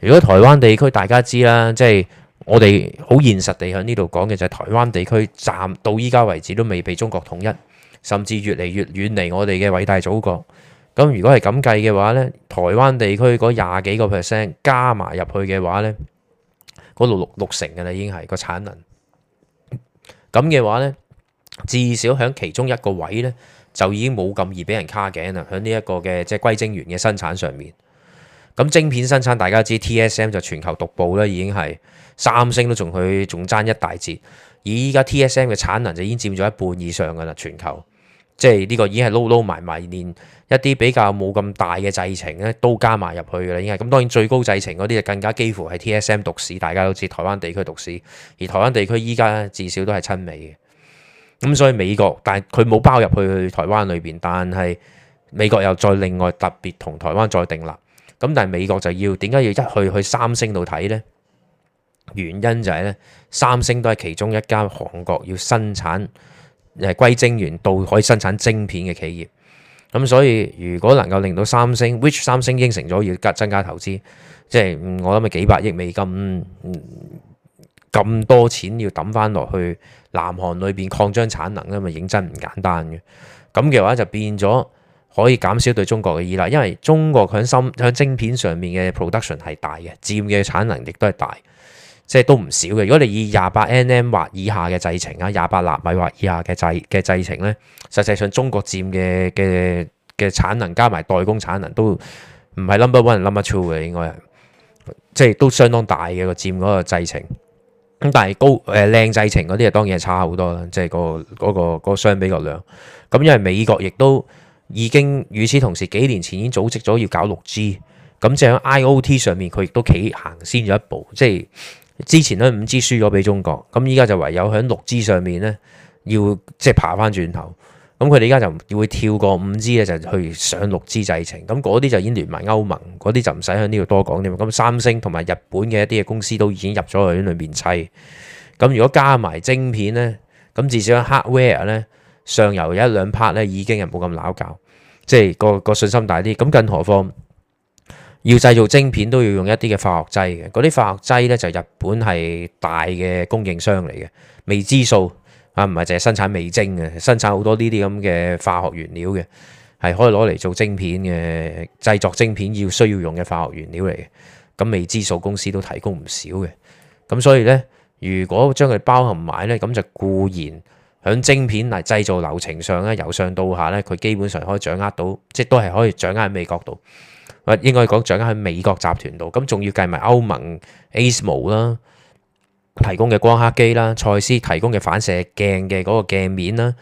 如果台灣地區大家知啦，即係我哋好現實地喺呢度講嘅就係台灣地區站到依家為止都未被中國統一，甚至越嚟越遠離我哋嘅偉大祖國。咁如果係咁計嘅話咧，台灣地區嗰廿幾個 percent 加埋入去嘅話咧，嗰六六六成噶啦，已經係個產能。咁嘅話咧。至少喺其中一個位咧，就已經冇咁易俾人卡頸啦。喺呢一個嘅即係硅晶圓嘅生產上面，咁晶片生產大家知 TSM 就全球獨步啦，已經係三星都仲佢仲爭一大截。而依家 TSM 嘅產能就已經佔咗一半以上噶啦，全球即係呢個已經係撈撈埋埋，連一啲比較冇咁大嘅製程咧都加埋入去噶啦。已經係咁，當然最高製程嗰啲就更加幾乎係 TSM 獨市，大家都知台灣地區獨市，而台灣地區依家至少都係親美嘅。咁、嗯、所以美國，但係佢冇包入去台灣裏邊，但係美國又再另外特別同台灣再定立。咁但係美國就要點解要一去去三星度睇呢？原因就係呢，三星都係其中一間韓國要生產誒硅晶圓到可以生產晶片嘅企業。咁、嗯、所以如果能夠令到三星，which 三星應承咗要加增加投資，即、就、係、是、我諗係幾百億美金咁多錢要揼翻落去。南韓裏邊擴張產能咧，咪認真唔簡單嘅。咁嘅話就變咗可以減少對中國嘅依賴，因為中國佢喺芯喺晶片上面嘅 production 係大嘅，佔嘅產能亦都係大，即係都唔少嘅。如果你以廿八 nm 或以下嘅製程啊，廿八納米或以下嘅製嘅製程咧，實際上中國佔嘅嘅嘅產能加埋代工產能都唔係 number one number two 嘅，應該係即係都相當大嘅個佔嗰個製程。咁但係高誒、呃、靚製程嗰啲啊，當然係差好多啦，即係個嗰個嗰個相比個量。咁因為美國亦都已經與此同時幾年前已經組織咗要搞六 G，咁即係喺 IOT 上面佢亦都企行先咗一步。即係之前咧五 G 輸咗俾中國，咁依家就唯有喺六 G 上面咧要即係爬翻轉頭。咁佢哋而家就會跳過五 G 咧，就去上六 G 製程。咁嗰啲就已經聯埋歐盟，嗰啲就唔使喺呢度多講添。咁三星同埋日本嘅一啲嘅公司都已經入咗去裏面砌。咁如果加埋晶片呢，咁至少 hardware 咧上游有一兩 part 呢已經係冇咁攪搞，即係個個信心大啲。咁更何況要製造晶片都要用一啲嘅化學劑嘅，嗰啲化學劑呢，就日本係大嘅供應商嚟嘅，未知數。啊，唔係淨係生產味精嘅，生產好多呢啲咁嘅化學原料嘅，係可以攞嚟做晶片嘅，製作晶片要需要用嘅化學原料嚟嘅。咁未知數公司都提供唔少嘅。咁所以咧，如果將佢包含埋咧，咁就固然喺晶片嚟製造流程上咧，由上到下咧，佢基本上可以掌握到，即係都係可以掌握喺美國度。應該講掌握喺美國集團度。咁仲要計埋歐盟 ASML 啦。提供嘅光刻機啦，蔡司提供嘅反射鏡嘅嗰個鏡面啦，誒、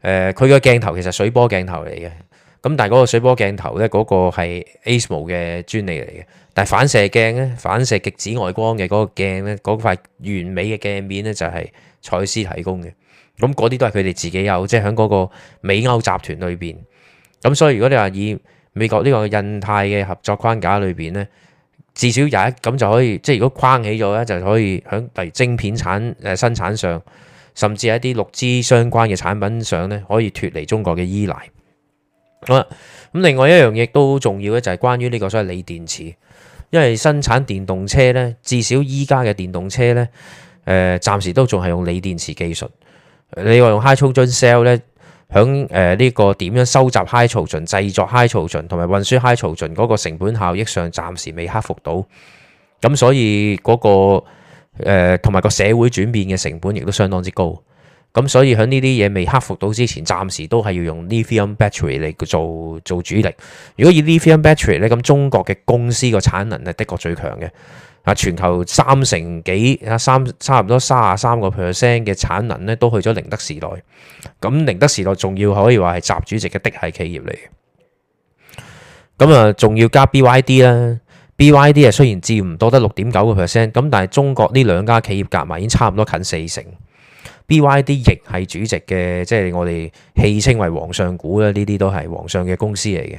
呃，佢個鏡頭其實水波鏡頭嚟嘅，咁但係嗰個水波鏡頭咧，嗰個係 ASML 嘅專利嚟嘅，但係反射鏡咧，反射極紫外光嘅嗰個鏡咧，嗰塊完美嘅鏡面咧就係蔡司提供嘅，咁嗰啲都係佢哋自己有，即係喺嗰個美歐集團裏邊，咁所以如果你話以美國呢個印太嘅合作框架裏邊咧。至少有一咁就可以，即係如果框起咗咧，就可以響例如晶片產誒、呃、生產上，甚至係一啲六 G 相關嘅產品上咧，可以脱離中國嘅依賴好。好啦，咁另外一樣嘢都好重要咧，就係、是、關於呢個所謂鋰電池，因為生產電動車咧，至少依家嘅電動車咧，誒、呃、暫時都仲係用鋰電池技術。你話用 hydrogen cell 咧？喺誒呢個點樣收集 hydrogen、製作 hydrogen 同埋運輸 hydrogen 嗰個成本效益上，暫時未克服到，咁所以嗰個誒同埋個社會轉變嘅成本亦都相當之高，咁所以喺呢啲嘢未克服到之前，暫時都係要用 lithium battery 嚟做做主力。如果以 lithium battery 咧，咁中國嘅公司個產能係的確最強嘅。啊！全球三成幾啊三差唔多三啊三十三個 percent 嘅產能咧，都去咗寧德時代。咁寧德時代仲要可以話係習主席嘅嫡系企業嚟。咁啊，仲要加 BYD 啦。BYD 啊 BY，雖然佔唔多得六點九個 percent，咁但係中國呢兩家企業夾埋已經差唔多近四成。BYD 亦係主席嘅，即係我哋戲稱為皇上股啦。呢啲都係皇上嘅公司嚟嘅。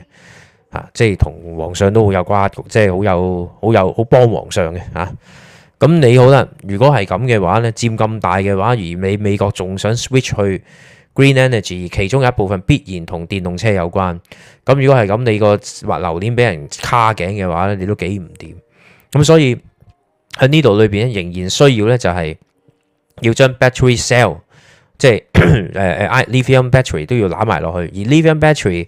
啊，即係同皇上都好有瓜葛即係好有好有好幫皇上嘅吓。咁、啊、你好啦，如果係咁嘅話咧，佔咁大嘅話，而美美國仲想 switch 去 green energy，其中有一部分必然同電動車有關。咁如果係咁，你個滑流鏈俾人卡頸嘅話咧，你都幾唔掂。咁所以喺呢度裏邊咧，仍然需要咧就係要將 battery cell，即係誒誒，lithium battery 都要拿埋落去，而 lithium battery。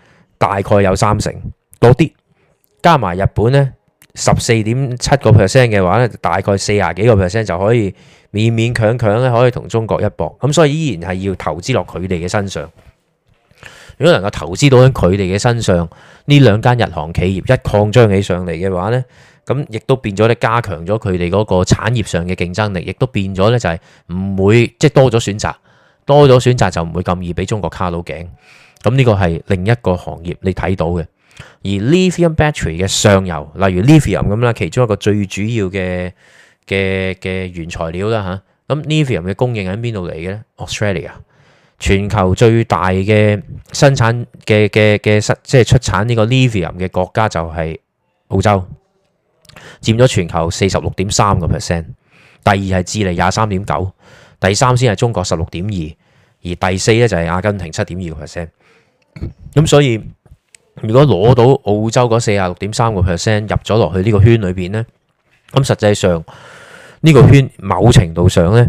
大概有三成多啲，加埋日本呢十四點七個 percent 嘅話咧，大概四廿幾個 percent 就可以勉勉強強咧可以同中國一搏。咁所以依然係要投資落佢哋嘅身上。如果能夠投資到喺佢哋嘅身上，呢兩間日韓企業一擴張起上嚟嘅話呢，咁亦都變咗咧加強咗佢哋嗰個產業上嘅競爭力，亦都變咗咧就係唔會即係多咗選擇，多咗選擇就唔會咁易俾中國卡到頸。咁呢個係另一個行業你睇到嘅，而 lithium battery 嘅上游，例如 lithium 咁啦，其中一個最主要嘅嘅嘅原材料啦吓，咁 lithium 嘅供應喺邊度嚟嘅咧？Australia 全球最大嘅生產嘅嘅嘅即係出產呢個 lithium 嘅國家就係澳洲，佔咗全球四十六點三個 percent。第二係智利廿三點九，第三先係中國十六點二，而第四咧就係阿根廷七點二個 percent。咁所以如果攞到澳洲嗰四十六點三個 percent 入咗落去呢個圈裏邊呢，咁實際上呢、這個圈某程度上呢，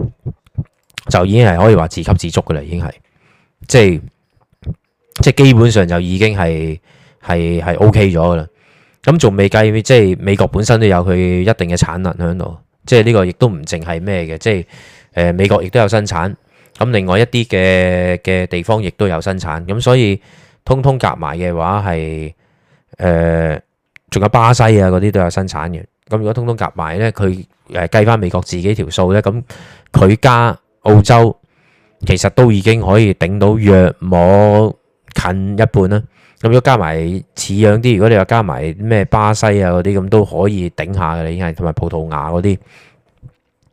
就已經係可以話自給自足噶啦，已經係即係即係基本上就已經係係係 OK 咗噶啦。咁仲未計即係美國本身都有佢一定嘅產能喺度，即係呢個亦都唔淨係咩嘅，即係誒、呃、美國亦都有生產。咁另外一啲嘅嘅地方亦都有生產，咁所以通通夾埋嘅話係誒，仲、呃、有巴西啊嗰啲都有生產嘅。咁如果通通夾埋咧，佢誒計翻美國自己條數咧，咁佢加澳洲其實都已經可以頂到約莫近一半啦。咁如果加埋似樣啲，如果你話加埋咩巴西啊嗰啲，咁都可以頂下嘅，已經係同埋葡萄牙嗰啲。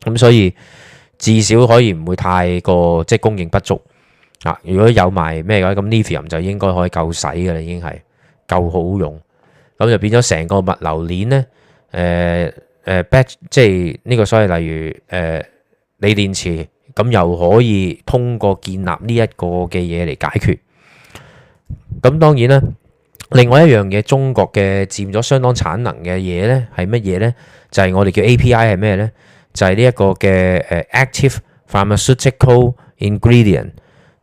咁所以。至少可以唔會太過即係供應不足啊！如果有埋咩嘅咁 Lithium 就應該可以夠使嘅啦，已經係夠好用。咁就變咗成個物流鏈咧，誒、呃、誒，呃、Batch，即係呢、這個所以，例如誒鋰電池，咁又可以通過建立呢一個嘅嘢嚟解決。咁當然啦，另外一樣嘢，中國嘅佔咗相當產能嘅嘢呢係乜嘢呢？就係、是、我哋叫 API 係咩呢？就係呢一個嘅，誒 Active Pharmaceutical Ingredient，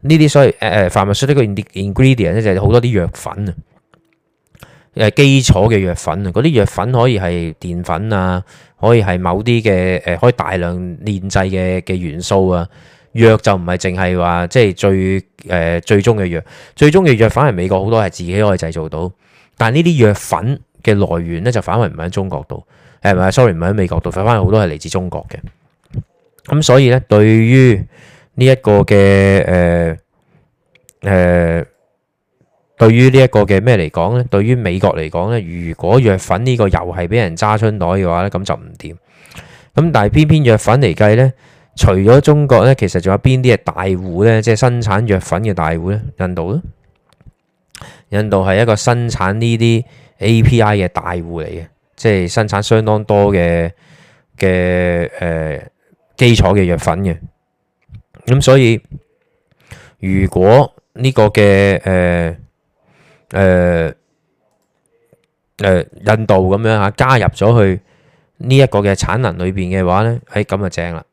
呢啲所謂誒誒、呃、Pharmaceutical Ingredient 咧就係好多啲藥粉啊，誒基礎嘅藥粉啊，嗰啲藥粉可以係澱粉啊，可以係某啲嘅誒可以大量煉製嘅嘅元素啊，藥就唔係淨係話即係最誒最終嘅藥，最終嘅藥反而美國好多係自己可以製造到，但係呢啲藥粉嘅來源咧就反為唔喺中國度。誒，唔係，sorry，唔係喺美國度，反翻好多係嚟自中國嘅。咁所以咧，對於呢一個嘅誒誒，對於呢一個嘅咩嚟講咧，對於美國嚟講咧，如果藥粉呢個又係俾人揸春袋嘅話咧，咁就唔掂。咁但係偏偏藥粉嚟計咧，除咗中國咧，其實仲有邊啲係大戶咧？即係生產藥粉嘅大戶咧，印度咯。印度係一個生產呢啲 API 嘅大戶嚟嘅。即係生產相當多嘅嘅誒基礎嘅藥粉嘅，咁所以如果呢個嘅誒誒誒印度咁樣嚇、啊、加入咗去呢一個嘅產能裏邊嘅話咧，喺咁就正啦，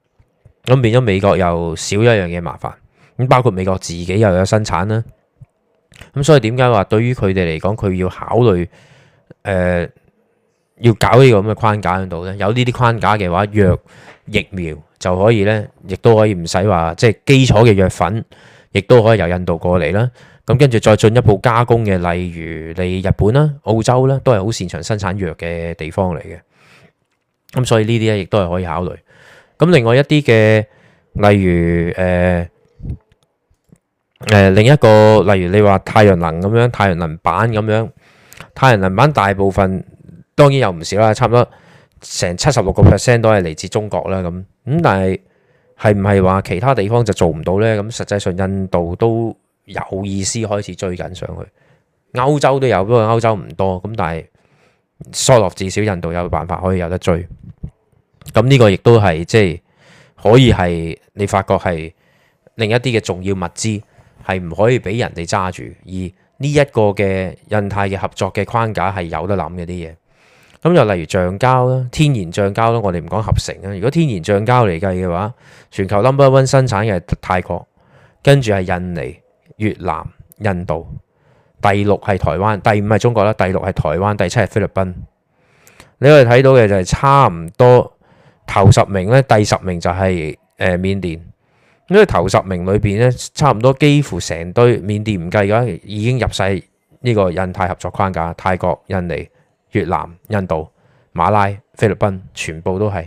咁變咗美國又少一樣嘢麻煩，咁包括美國自己又有生產啦、啊，咁所以點解話對於佢哋嚟講，佢要考慮誒？呃要搞呢個咁嘅框架喺度咧，有呢啲框架嘅話，藥疫苗就可以咧，亦都可以唔使話即係基礎嘅藥粉，亦都可以由印度過嚟啦。咁跟住再進一步加工嘅，例如你日本啦、澳洲啦，都係好擅長生產藥嘅地方嚟嘅。咁所以呢啲咧，亦都係可以考慮。咁另外一啲嘅，例如誒誒、呃呃、另一個，例如你話太陽能咁樣，太陽能板咁樣，太陽能板大部分。當然又唔少啦，差唔多成七十六個 percent 都係嚟自中國啦。咁咁，但係係唔係話其他地方就做唔到呢？咁實際上印度都有意思開始追緊上去，歐洲都有，不過歐洲唔多咁。但係 so 囉，至少印度有辦法可以有得追。咁呢個亦都係即係可以係你發覺係另一啲嘅重要物資係唔可以俾人哋揸住，而呢一個嘅印太嘅合作嘅框架係有得諗嘅啲嘢。咁又例如橡膠啦，天然橡膠啦，我哋唔講合成啊。如果天然橡膠嚟計嘅話，全球 number one 生產嘅係泰國，跟住係印尼、越南、印度，第六係台灣，第五係中國啦，第六係台灣，第七係菲律賓。你可以睇到嘅就係差唔多頭十名咧，第十名就係誒緬甸。咁喺頭十名裏邊咧，差唔多幾乎成堆緬甸唔計嘅，已經入晒呢個印太合作框架，泰國、印尼。越南、印度、馬拉、菲律賓，全部都係。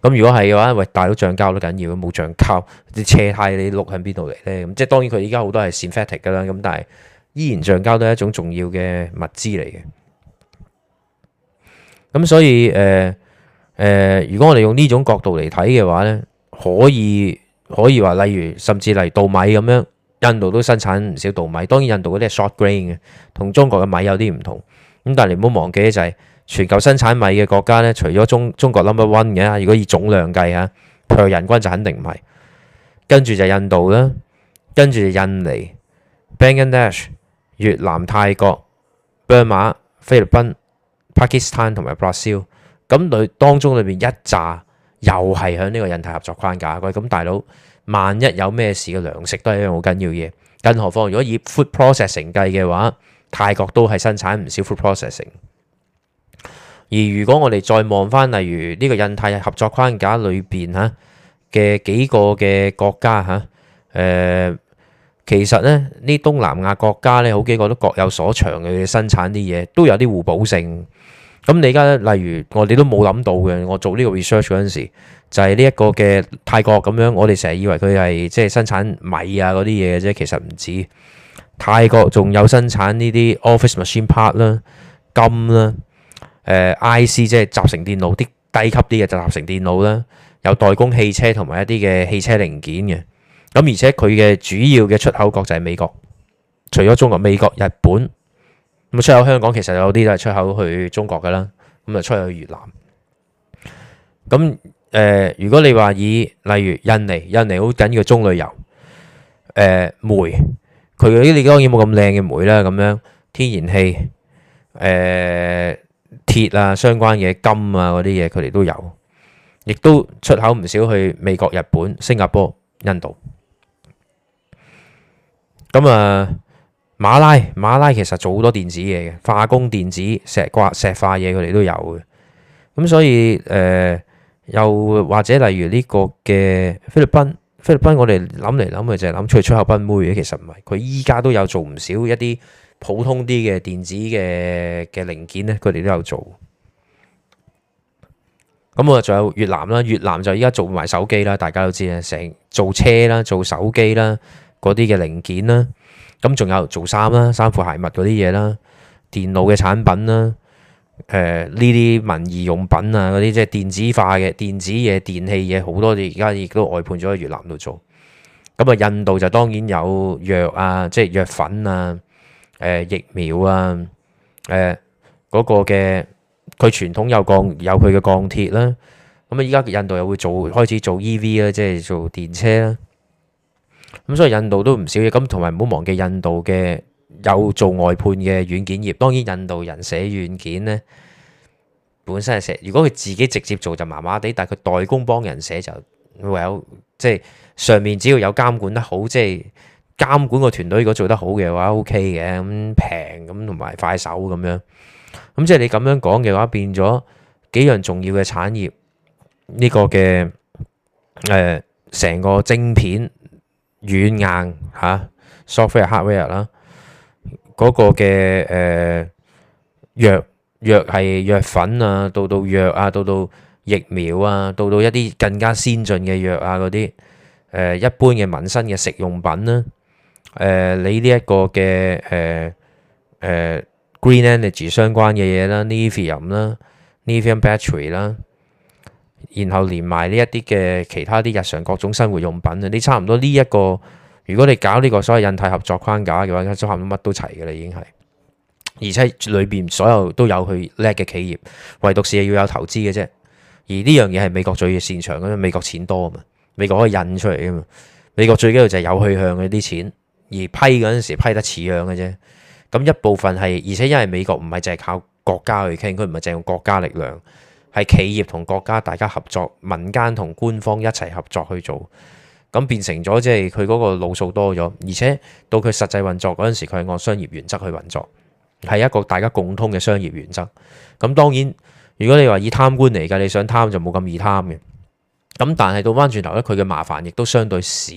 咁如果係嘅話，喂，大佬橡膠都緊要，冇橡膠啲車呔你碌喺邊度嚟呢？咁即係當然佢依家好多係 synthetic 㗎啦，咁但係依然橡膠都係一種重要嘅物資嚟嘅。咁所以誒誒、呃呃，如果我哋用呢種角度嚟睇嘅話呢，可以可以話，例如甚至嚟稻米咁樣，印度都生產唔少稻米。當然印度嗰啲係 short grain 嘅，同中國嘅米有啲唔同。咁但係你唔好忘記，就係全球生產米嘅國家咧，除咗中中國 number one 嘅，如果以總量計嚇，佢人均就肯定唔係。跟住就印度啦，跟住就印尼、Bangladesh、越南、泰國、Burma、菲律賓、Pakistan 同埋 Brazil。咁裏當中裏面一紮又係喺呢個印太合作框架。喂，咁大佬，萬一有咩事嘅糧食都係一樣好緊要嘢。更何況如果以 food processing 計嘅話，泰國都係生產唔少 food processing。而如果我哋再望翻，例如呢個印太合作框架裏邊嚇嘅幾個嘅國家嚇，誒、呃，其實咧呢東南亞國家咧，好幾個都各有所長嘅生產啲嘢，都有啲互補性。咁你而家例如我哋都冇諗到嘅，我做呢個 research 嗰陣時，就係呢一個嘅泰國咁樣，我哋成日以為佢係即係生產米啊嗰啲嘢嘅啫，其實唔止。泰國仲有生產呢啲 office machine part 啦，金、呃、啦，誒 IC 即係集成電腦啲低級啲嘅集成電腦啦，有代工汽車同埋一啲嘅汽車零件嘅。咁而且佢嘅主要嘅出口國就係美國，除咗中國、美國、日本咁出口香港，其實有啲都係出口去中國㗎啦。咁就出口去越南。咁、呃、誒，如果你話以例如印尼，印尼好緊要中旅遊，誒、呃、煤。佢嗰啲你當然冇咁靚嘅煤啦，咁樣天然氣、誒鐵啊相關嘢，金啊嗰啲嘢，佢哋都有，亦都出口唔少去美國、日本、新加坡、印度。咁啊，馬拉馬拉其實做好多電子嘢嘅，化工電子、石化石化嘢，佢哋都有嘅。咁所以誒，又或者例如呢個嘅菲律賓。菲律賓我哋諗嚟諗去就係諗出去出口賓妹嘅，其實唔係，佢依家都有做唔少一啲普通啲嘅電子嘅嘅零件咧，佢哋都有做。咁我仲有越南啦，越南就依家做埋手機啦，大家都知啦，成做車啦，做手機啦，嗰啲嘅零件啦，咁仲有做衫啦，衫褲鞋襪嗰啲嘢啦，電腦嘅產品啦。誒，呢啲文具用品啊，嗰啲即係電子化嘅電子嘢、電器嘢，好多而家亦都外判咗喺越南度做。咁、嗯、啊，印度就當然有藥啊，即係藥粉啊，誒、呃、疫苗啊，誒、呃、嗰、那個嘅佢傳統有鋼有佢嘅鋼鐵啦。咁啊，依、嗯、家印度又會做開始做 EV 啦、啊，即係做電車啦、啊。咁、嗯、所以印度都唔少嘢。咁同埋唔好忘記印度嘅。有做外判嘅軟件業，當然印度人寫軟件咧，本身係寫。如果佢自己直接做就麻麻地，但係佢代工幫人寫就會有，即係上面只要有監管得好，即係監管個團隊如果做得好嘅話，O K 嘅，咁平咁同埋快手咁樣。咁即係你咁樣講嘅話，變咗幾樣重要嘅產業呢個嘅誒成個晶片軟硬嚇，software hardware 啦。嗰個嘅誒、呃、藥藥係藥粉啊，到到藥啊，到到疫苗啊，到到一啲更加先進嘅藥啊嗰啲誒一般嘅民生嘅食用品啦、啊，誒、呃、你呢一個嘅誒誒 green energy 相關嘅嘢啦 lithium 啦 lithium battery 啦、啊，然後連埋呢一啲嘅其他啲日常各種生活用品啊，你差唔多呢、這、一個。如果你搞呢個所謂印太合作框架嘅話，綜合乜都齊嘅啦，已經係，而且裏邊所有都有佢叻嘅企業，唯獨是係要有投資嘅啫。而呢樣嘢係美國最擅長，因為美國錢多啊嘛，美國可以印出嚟啊嘛，美國最緊要就係有去向嗰啲錢，而批嗰陣時批得似樣嘅啫。咁一部分係，而且因為美國唔係淨係靠國家去傾，佢唔係淨係用國家力量，係企業同國家大家合作，民間同官方一齊合作去做。咁變成咗即係佢嗰個路數多咗，而且到佢實際運作嗰陣時，佢係按商業原則去運作，係一個大家共通嘅商業原則。咁當然，如果你話以貪官嚟㗎，你想貪就冇咁易貪嘅。咁但係到翻轉頭咧，佢嘅麻煩亦都相對少，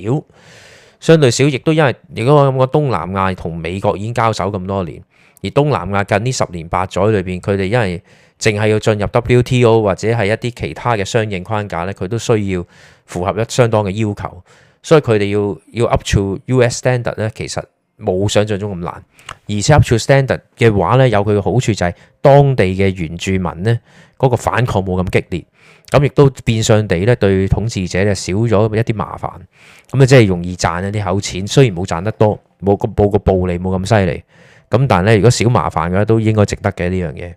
相對少亦都因為如果我咁講，東南亞同美國已經交手咁多年，而東南亞近呢十年八載裏邊，佢哋因為淨係要進入 WTO 或者係一啲其他嘅相應框架咧，佢都需要。符合一相當嘅要求，所以佢哋要要 up to U.S. standard 咧，其實冇想象中咁難。而且 up to standard 嘅話咧，有佢嘅好處就係當地嘅原住民咧，嗰個反抗冇咁激烈，咁亦都變相地咧對統治者咧少咗一啲麻煩，咁啊即係容易賺一啲口錢。雖然冇賺得多，冇個暴個暴利冇咁犀利，咁但係咧如果少麻煩嘅話都應該值得嘅呢樣嘢，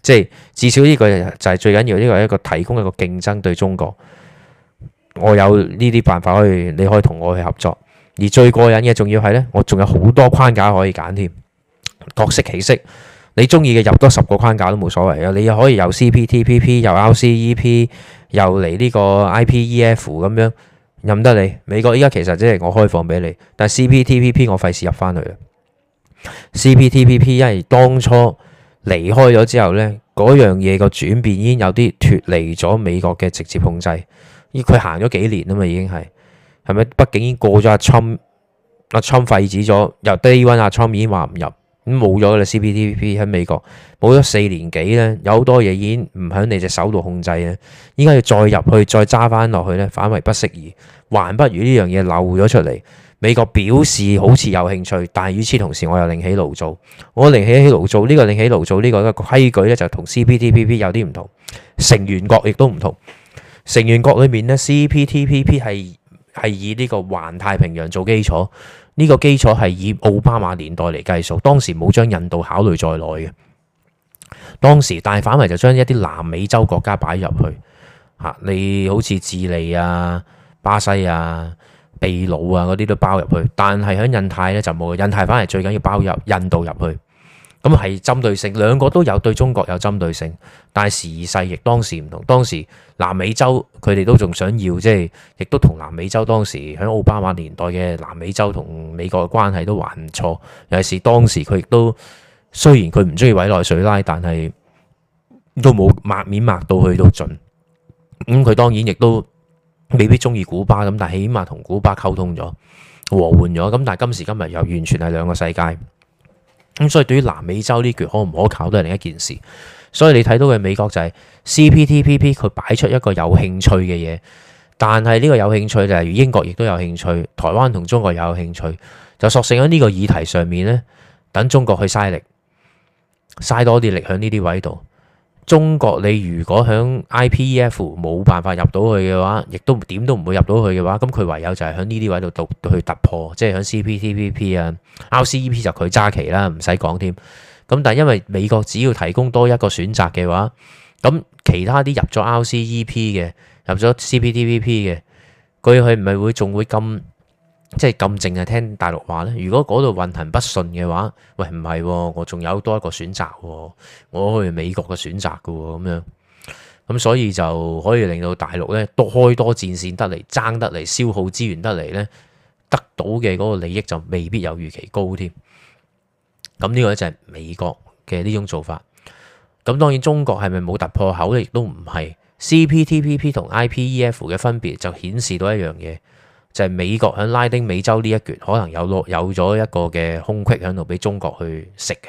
即係至少呢個就係最緊要呢個係一個提供一個競爭對中國。我有呢啲辦法，可以你可以同我去合作。而最過癮嘅，仲要係呢，我仲有好多框架可以揀添，各色其色。你中意嘅入多十個框架都冇所謂啊！你又可以入 CPTPP，又 RCEP，又嚟呢個 IPEF 咁樣，任得你。美國依家其實即係我開放俾你，但係 CPTPP 我費事入翻去啊。CPTPP 因為當初離開咗之後呢，嗰樣嘢個轉變已經有啲脫離咗美國嘅直接控制。佢行咗幾年啦嘛，已經係係咪？畢竟已經過咗阿 Trump，阿 Trump 廢止咗，又 Day One 阿 Trump 已經話唔入咁冇咗啦。CPTPP 喺美國冇咗四年幾咧，有好多嘢已經唔喺你隻手度控制咧。依家要再入去，再揸翻落去咧，反為不適宜，還不如呢樣嘢漏咗出嚟。美國表示好似有興趣，但係與此同時，我又另起爐灶。我另起，這個，起爐灶呢個另起爐灶呢個規矩咧，就同 CPTPP 有啲唔同，成員國亦都唔同。成員國裏面呢 CPTPP 係係以呢個環太平洋做基礎，呢、呢個基礎係以奧巴馬年代嚟計數，當時冇將印度考慮在內嘅。當時大反圍就將一啲南美洲國家擺入去嚇，你好似智利啊、巴西啊、秘魯啊嗰啲都包入去，但係喺印太呢，就冇。印太反而最緊要包入印度入去。咁係針對性，兩個都有對中國有針對性，但係時勢亦當時唔同。當時南美洲佢哋都仲想要，即係亦都同南美洲當時喺奧巴馬年代嘅南美洲同美國嘅關係都還唔錯。尤其是當時佢亦都雖然佢唔中意委內瑞拉，但係都冇抹面抹到去到盡。咁、嗯、佢當然亦都未必中意古巴咁，但係起碼同古巴溝通咗，和緩咗。咁但係今時今日又完全係兩個世界。咁所以對於南美洲呢橛可唔可靠都係另一件事，所以你睇到嘅美國就係 CPTPP 佢擺出一個有興趣嘅嘢，但係呢個有興趣就如英國亦都有興趣，台灣同中國也有興趣，就索性喺呢個議題上面咧，等中國去嘥力，嘥多啲力喺呢啲位度。中國你如果喺 IPEF 冇辦法入到去嘅話，亦都點都唔會入到去嘅話，咁佢唯有就係喺呢啲位度突去突破，即係喺 CPTPP 啊、RCEP 就佢揸旗啦，唔使講添。咁但係因為美國只要提供多一個選擇嘅話，咁其他啲入咗 RCEP 嘅、入咗 CPTPP 嘅，佢佢唔係會仲會咁。即係咁，淨係聽大陸話咧，如果嗰度運行不順嘅話，喂，唔係喎，我仲有多一個選擇喎、哦，我去美國嘅選擇嘅喎、哦，咁樣，咁所以就可以令到大陸咧多開多戰線得嚟爭得嚟消耗資源得嚟咧，得到嘅嗰個利益就未必有預期高添。咁呢個咧就係美國嘅呢種做法。咁當然中國係咪冇突破口咧？亦都唔係。CPTPP 同 IPEF 嘅分別就顯示到一樣嘢。就係美國喺拉丁美洲呢一橛，可能有落有咗一個嘅空隙喺度，俾中國去食嘅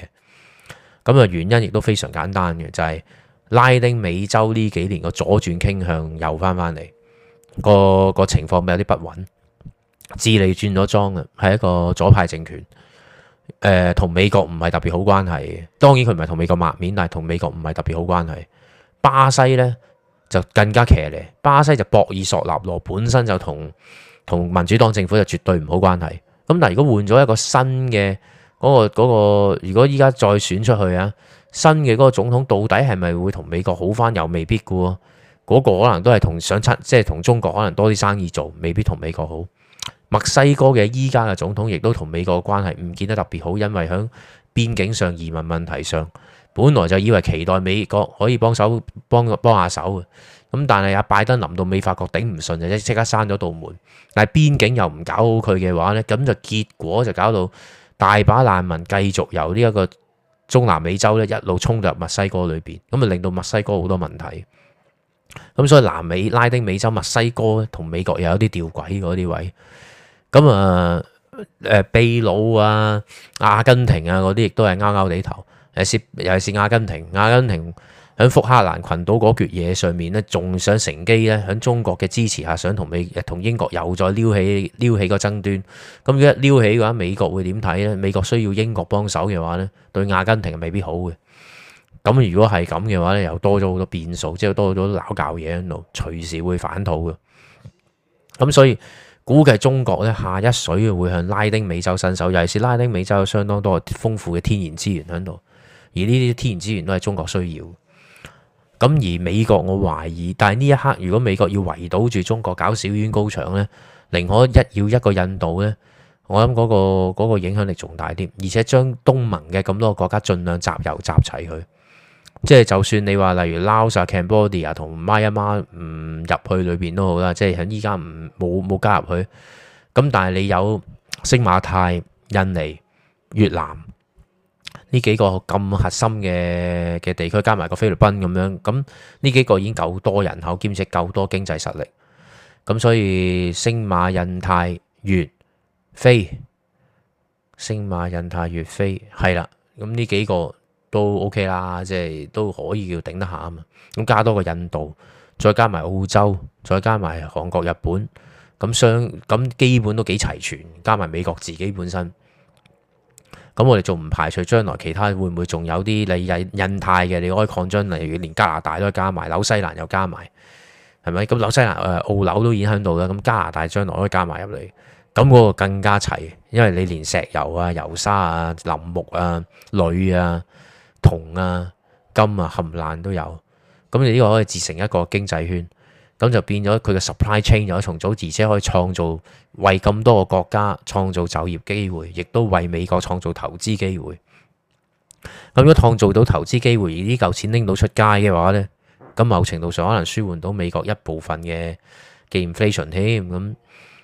咁啊。原因亦都非常簡單嘅，就係、是、拉丁美洲呢幾年個左轉傾向右翻翻嚟個個情況，咪有啲不穩，智利轉咗莊啊，係一個左派政權。誒、呃，同美國唔係特別好關係，當然佢唔係同美國抹面，但係同美國唔係特別好關係。巴西呢就更加騎呢，巴西就博爾索納羅本身就同。同民主黨政府就絕對唔好關係。咁但如果換咗一個新嘅嗰、嗰個、嗰個、如果依家再選出去啊，新嘅嗰個總統到底係咪會同美國好翻？又未必嘅喎。嗰、嗰個可能都係同想出，即係同中國可能多啲生意做，未必同美國好。墨西哥嘅依家嘅總統亦都同美國嘅關係唔見得特別好，因為喺邊境上移民問題上，本來就以為期待美國可以幫手幫幫下手咁但係阿拜登臨到尾發覺頂唔順，就即即刻閂咗道門。但係邊境又唔搞好佢嘅話咧，咁就結果就搞到大把難民繼續由呢一個中南美洲咧一路衝入墨西哥裏邊，咁啊令到墨西哥好多問題。咁所以南美拉丁美洲墨西哥同美國又有啲吊詭嗰啲位。咁啊誒秘魯啊、阿根廷啊嗰啲亦都係拗拗地頭。誒是尤其是阿根廷，阿根廷。喺福克蘭群島嗰橛嘢上面呢，仲想乘機呢，喺中國嘅支持下，想同美、同英國又再撩起、撩起個爭端。咁一撩起嘅話，美國會點睇呢？美國需要英國幫手嘅話呢，對阿根廷未必好嘅。咁如果係咁嘅話呢，又多咗好多變數，即係多咗攪搞嘢喺度，隨時會反枱嘅。咁所以估計中國呢下一水會向拉丁美洲伸手，尤其是拉丁美洲有相當多豐富嘅天然資源喺度，而呢啲天然資源都係中國需要。咁而美國我懷疑，但係呢一刻如果美國要圍堵住中國搞小院高牆呢，寧可一要一個印度呢，我諗嗰、嗰個嗰個影響力仲大啲，而且將東盟嘅咁多個國家盡量集郵集齊佢，即係就算你話例如 Laos a、c 撈薩柬埔寨同馬一馬唔入去裏邊都好啦，即係喺依家唔冇冇加入佢，咁但係你有星馬泰、印尼、越南。呢幾個咁核心嘅嘅地區，加埋個菲律賓咁樣，咁呢幾個已經夠多人口，兼且夠多經濟實力，咁、嗯、所以星馬印泰越菲，星馬印泰越菲係啦，咁呢、嗯嗯、幾個都 OK 啦，即係都可以叫頂得下啊嘛。咁加多個印度，再加埋澳洲，再加埋韓國、日本，咁相咁基本都幾齊全，加埋美國自己本身。咁我哋仲唔排除將來其他會唔會仲有啲你印印太嘅你可以擴張嚟，連加拿大都加埋，紐西蘭又加埋，係咪？咁紐西蘭誒，澳紐都已經喺度啦。咁加拿大將來可以加埋入嚟，咁嗰更加齊，因為你連石油啊、油砂啊、林木啊、鋁啊、銅啊、金啊、冚唥都有，咁你呢個可以自成一個經濟圈。咁就變咗佢嘅 supply chain 有重組，而且可以創造，為咁多個國家創造就業機會，亦都為美國創造投資機會。咁如果創造到投資機會，呢嚿錢拎到出街嘅話呢，咁某程度上可能舒緩到美國一部分嘅 inflation 添。咁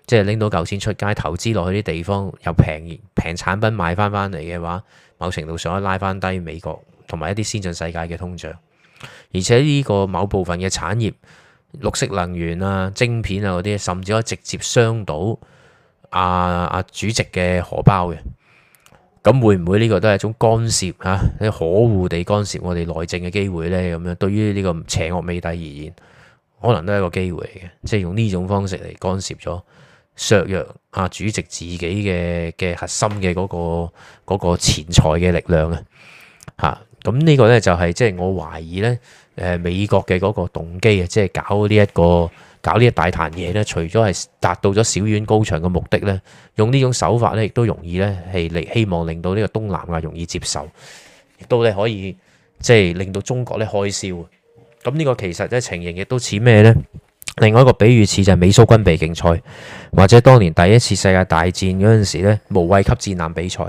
即係拎到嚿錢出街投資落去啲地方，又平平產品買翻翻嚟嘅話，某程度上可以拉翻低美國同埋一啲先進世界嘅通脹，而且呢個某部分嘅產業。綠色能源啊、晶片啊嗰啲，甚至可以直接傷到阿、啊、阿、啊、主席嘅荷包嘅。咁會唔會呢個都係一種干涉嚇、啊？可惡地干涉我哋內政嘅機會呢？咁樣對於呢個邪惡美帝而言，可能都係一個機會嚟嘅，即係用呢種方式嚟干涉咗削弱阿、啊、主席自己嘅嘅核心嘅嗰、嗰個嗰、嗰個錢財嘅力量啊！嚇、啊、～咁呢個呢、就是，就係即係我懷疑呢誒，美國嘅嗰個動機啊，即、就、係、是、搞、這個、搞呢一個搞呢一大壇嘢呢，除咗係達到咗小院高牆嘅目的呢，用呢種手法呢亦都容易呢，係嚟希望令到呢個東南亞容易接受，亦都咧可以即係、就是、令到中國呢開銷。咁呢個其實咧情形亦都似咩呢？另外一個比喻似就係美蘇軍備競賽，或者當年第一次世界大戰嗰陣時咧無畏級戰艦比賽，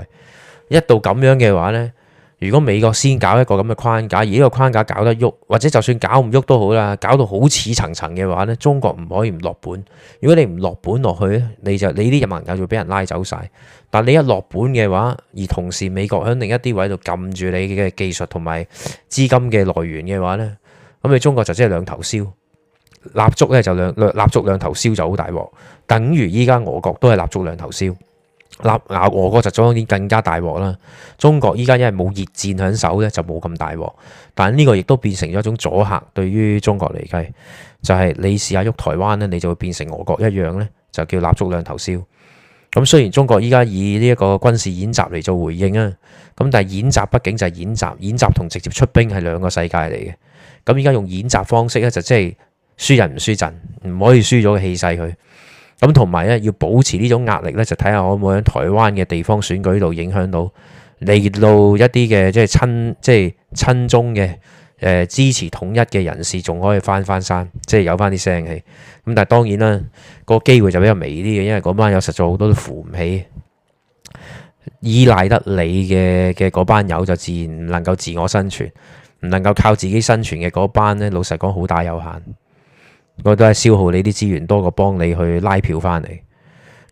一到咁樣嘅話呢。如果美國先搞一個咁嘅框架，而呢個框架搞得喐，或者就算搞唔喐都好啦，搞到好似層層嘅話咧，中國唔可以唔落本。如果你唔落本落去咧，你就你啲人民幣就俾人拉走晒。但你一落本嘅話，而同時美國喺另一啲位度撳住你嘅技術同埋資金嘅來源嘅話咧，咁你中國就即係兩頭燒，蠟燭咧就兩蠟燭兩頭燒就好大鑊，等於依家俄國都係蠟燭兩頭燒。立牙俄國就當然更加大鑊啦。中國依家因為冇熱戰喺手咧，就冇咁大鑊。但係呢個亦都變成咗一種阻嚇對於中國嚟計，就係、是、你試下喐台灣咧，你就會變成俄國一樣咧，就叫蠟燭兩頭燒。咁雖然中國依家以呢一個軍事演習嚟做回應啊，咁但係演習畢竟就係演習，演習同直接出兵係兩個世界嚟嘅。咁而家用演習方式咧，就即、是、係輸人唔輸陣，唔可以輸咗氣勢佢。咁同埋咧，要保持呢種壓力咧，就睇下我冇喺台灣嘅地方選舉度影響到嚟到一啲嘅即係親即係親中嘅誒、呃、支持統一嘅人士，仲可以翻翻山，即係有翻啲聲氣。咁但係當然啦，個機會就比較微啲嘅，因為嗰班友實在好多都扶唔起，依賴得你嘅嘅嗰班友就自然能夠自我生存，唔能夠靠自己生存嘅嗰班咧，老實講好大有限。我都係消耗你啲資源多過幫你去拉票翻嚟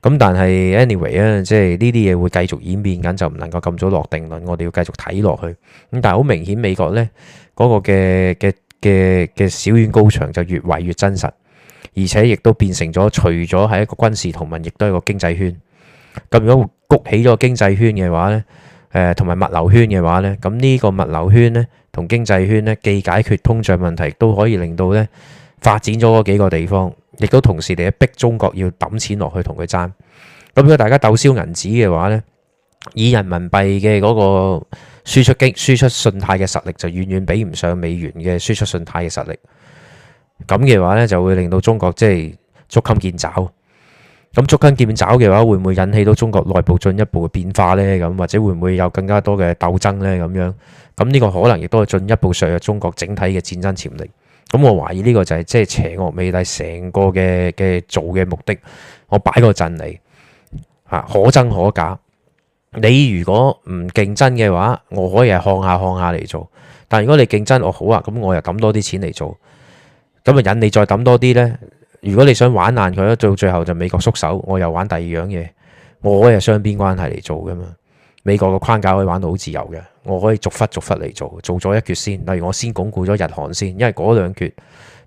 咁，但係 anyway 啊，即係呢啲嘢會繼續演變緊，就唔能夠咁早落定論。我哋要繼續睇落去咁，但係好明顯美國呢嗰個嘅嘅嘅嘅小院高牆就越圍越真實，而且亦都變成咗除咗係一個軍事同盟，亦都係一個經濟圈。咁如果谷起咗經濟圈嘅話呢，誒同埋物流圈嘅話呢，咁呢個物流圈呢，同經濟圈呢，既解決通脹問題，都可以令到呢，發展咗嗰幾個地方，亦都同時地逼中國要抌錢落去同佢爭。咁如果大家鬥燒銀紙嘅話呢，以人民幣嘅嗰個輸出經輸出信貸嘅實力，就遠遠比唔上美元嘅輸出信貸嘅實力。咁嘅話呢，就會令到中國即係捉襟見肘。咁捉襟見肘嘅話，會唔會引起到中國內部進一步嘅變化呢？咁或者會唔會有更加多嘅鬥爭呢？咁樣咁呢個可能亦都係進一步削弱中國整體嘅戰爭潛力。咁我懷疑呢個就係即邪惡美帝成個嘅嘅做嘅目的，我擺個陣嚟嚇，可真可假。你如果唔競爭嘅話，我可以係看下看下嚟做；但如果你競爭我好啊，咁我又抌多啲錢嚟做，咁啊引你再抌多啲咧。如果你想玩爛佢，到最後就美國縮手，我又玩第二樣嘢，我係雙邊關係嚟做噶嘛。美國嘅框架可以玩到好自由嘅，我可以逐忽逐忽嚟做，做咗一決先。例如我先鞏固咗日韓先，因為嗰兩決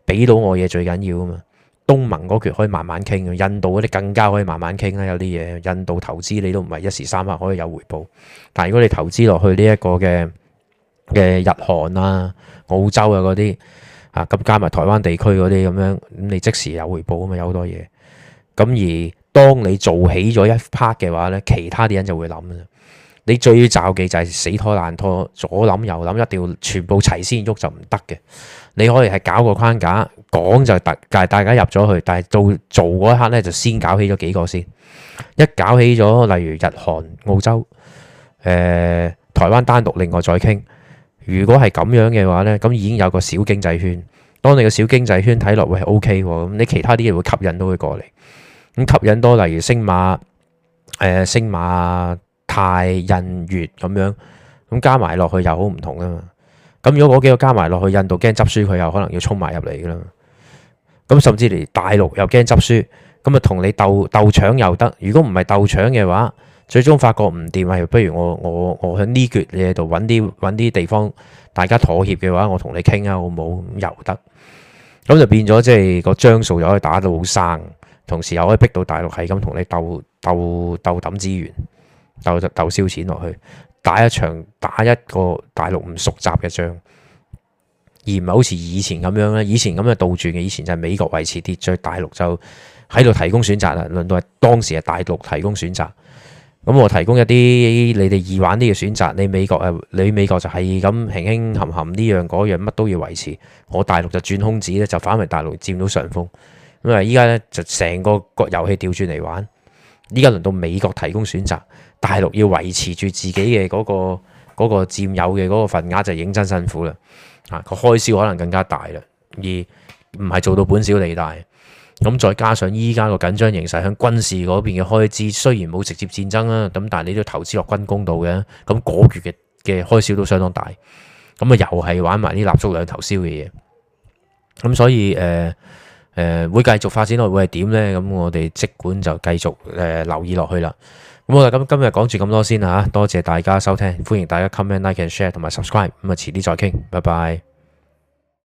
俾到我嘢最緊要啊嘛。東盟嗰決可以慢慢傾，印度嗰啲更加可以慢慢傾啦。有啲嘢印度投資你都唔係一時三刻可以有回報，但如果你投資落去呢一個嘅嘅日韓啊、澳洲啊嗰啲啊，咁加埋台灣地區嗰啲咁樣，咁你即時有回報啊嘛，有好多嘢咁。而當你做起咗一 part 嘅話呢，其他啲人就會諗。你最罩忌就係死拖爛拖，左諗右諗，一定要全部齊先喐就唔得嘅。你可以係搞個框架講就大，係大家入咗去，但係到做嗰一刻咧就先搞起咗幾個先。一搞起咗，例如日韓、澳洲、誒、呃、台灣單獨另外再傾。如果係咁樣嘅話咧，咁已經有個小經濟圈。當你個小經濟圈睇落會係 OK 喎，咁你其他啲嘢會吸引到佢過嚟。咁吸引多例如星馬、誒、呃、星馬。泰、印、越咁樣咁加埋落去又好唔同啊嘛。咁如果嗰幾個加埋落去，印度驚執輸，佢又可能要衝埋入嚟啦。咁甚至連大陸又驚執輸，咁啊同你鬥鬥搶又得。如果唔係鬥搶嘅話，最終發覺唔掂啊，不如我我我喺呢橛嘢度揾啲啲地方，大家妥協嘅話，我同你傾啊，好唔好又得。咁就變咗即係個張數又可以打到好生，同時又可以逼到大陸係咁同你鬥鬥鬥抌資源。鬥就鬥燒錢落去，打一場打一個大陸唔熟習嘅仗，而唔係好似以前咁樣咧。以前咁樣倒轉嘅，以前就係美國維持秩序，大陸就喺度提供選擇啦。輪到係當時係大陸提供選擇，咁我提供一啲你哋易玩啲嘅選擇，你美國誒，你美國就係咁輕輕含含呢樣嗰樣，乜都要維持。我大陸就轉空子咧，就反為大陸佔到上風。咁啊，依家咧就成個個遊戲調轉嚟玩。依家輪到美國提供選擇，大陸要維持住自己嘅嗰、嗰個嗰、嗰個、佔有嘅嗰個份額就係認真辛苦啦，啊個開銷可能更加大啦，而唔係做到本小利大，咁、啊、再加上依家個緊張形勢，響軍事嗰邊嘅開支雖然冇直接戰爭啦，咁、啊、但係你都投資落軍工度嘅，咁、啊嗰個月嘅嘅開銷都相當大，咁啊又係玩埋啲蠟燭兩頭燒嘅嘢，咁、啊、所以誒。呃誒會繼續發展落，會係點呢？咁我哋即管就繼續誒留意落去啦。咁我哋咁今日講住咁多先嚇，多謝大家收聽，歡迎大家 comment、like and share 同埋 subscribe。咁啊，遲啲再傾，拜拜。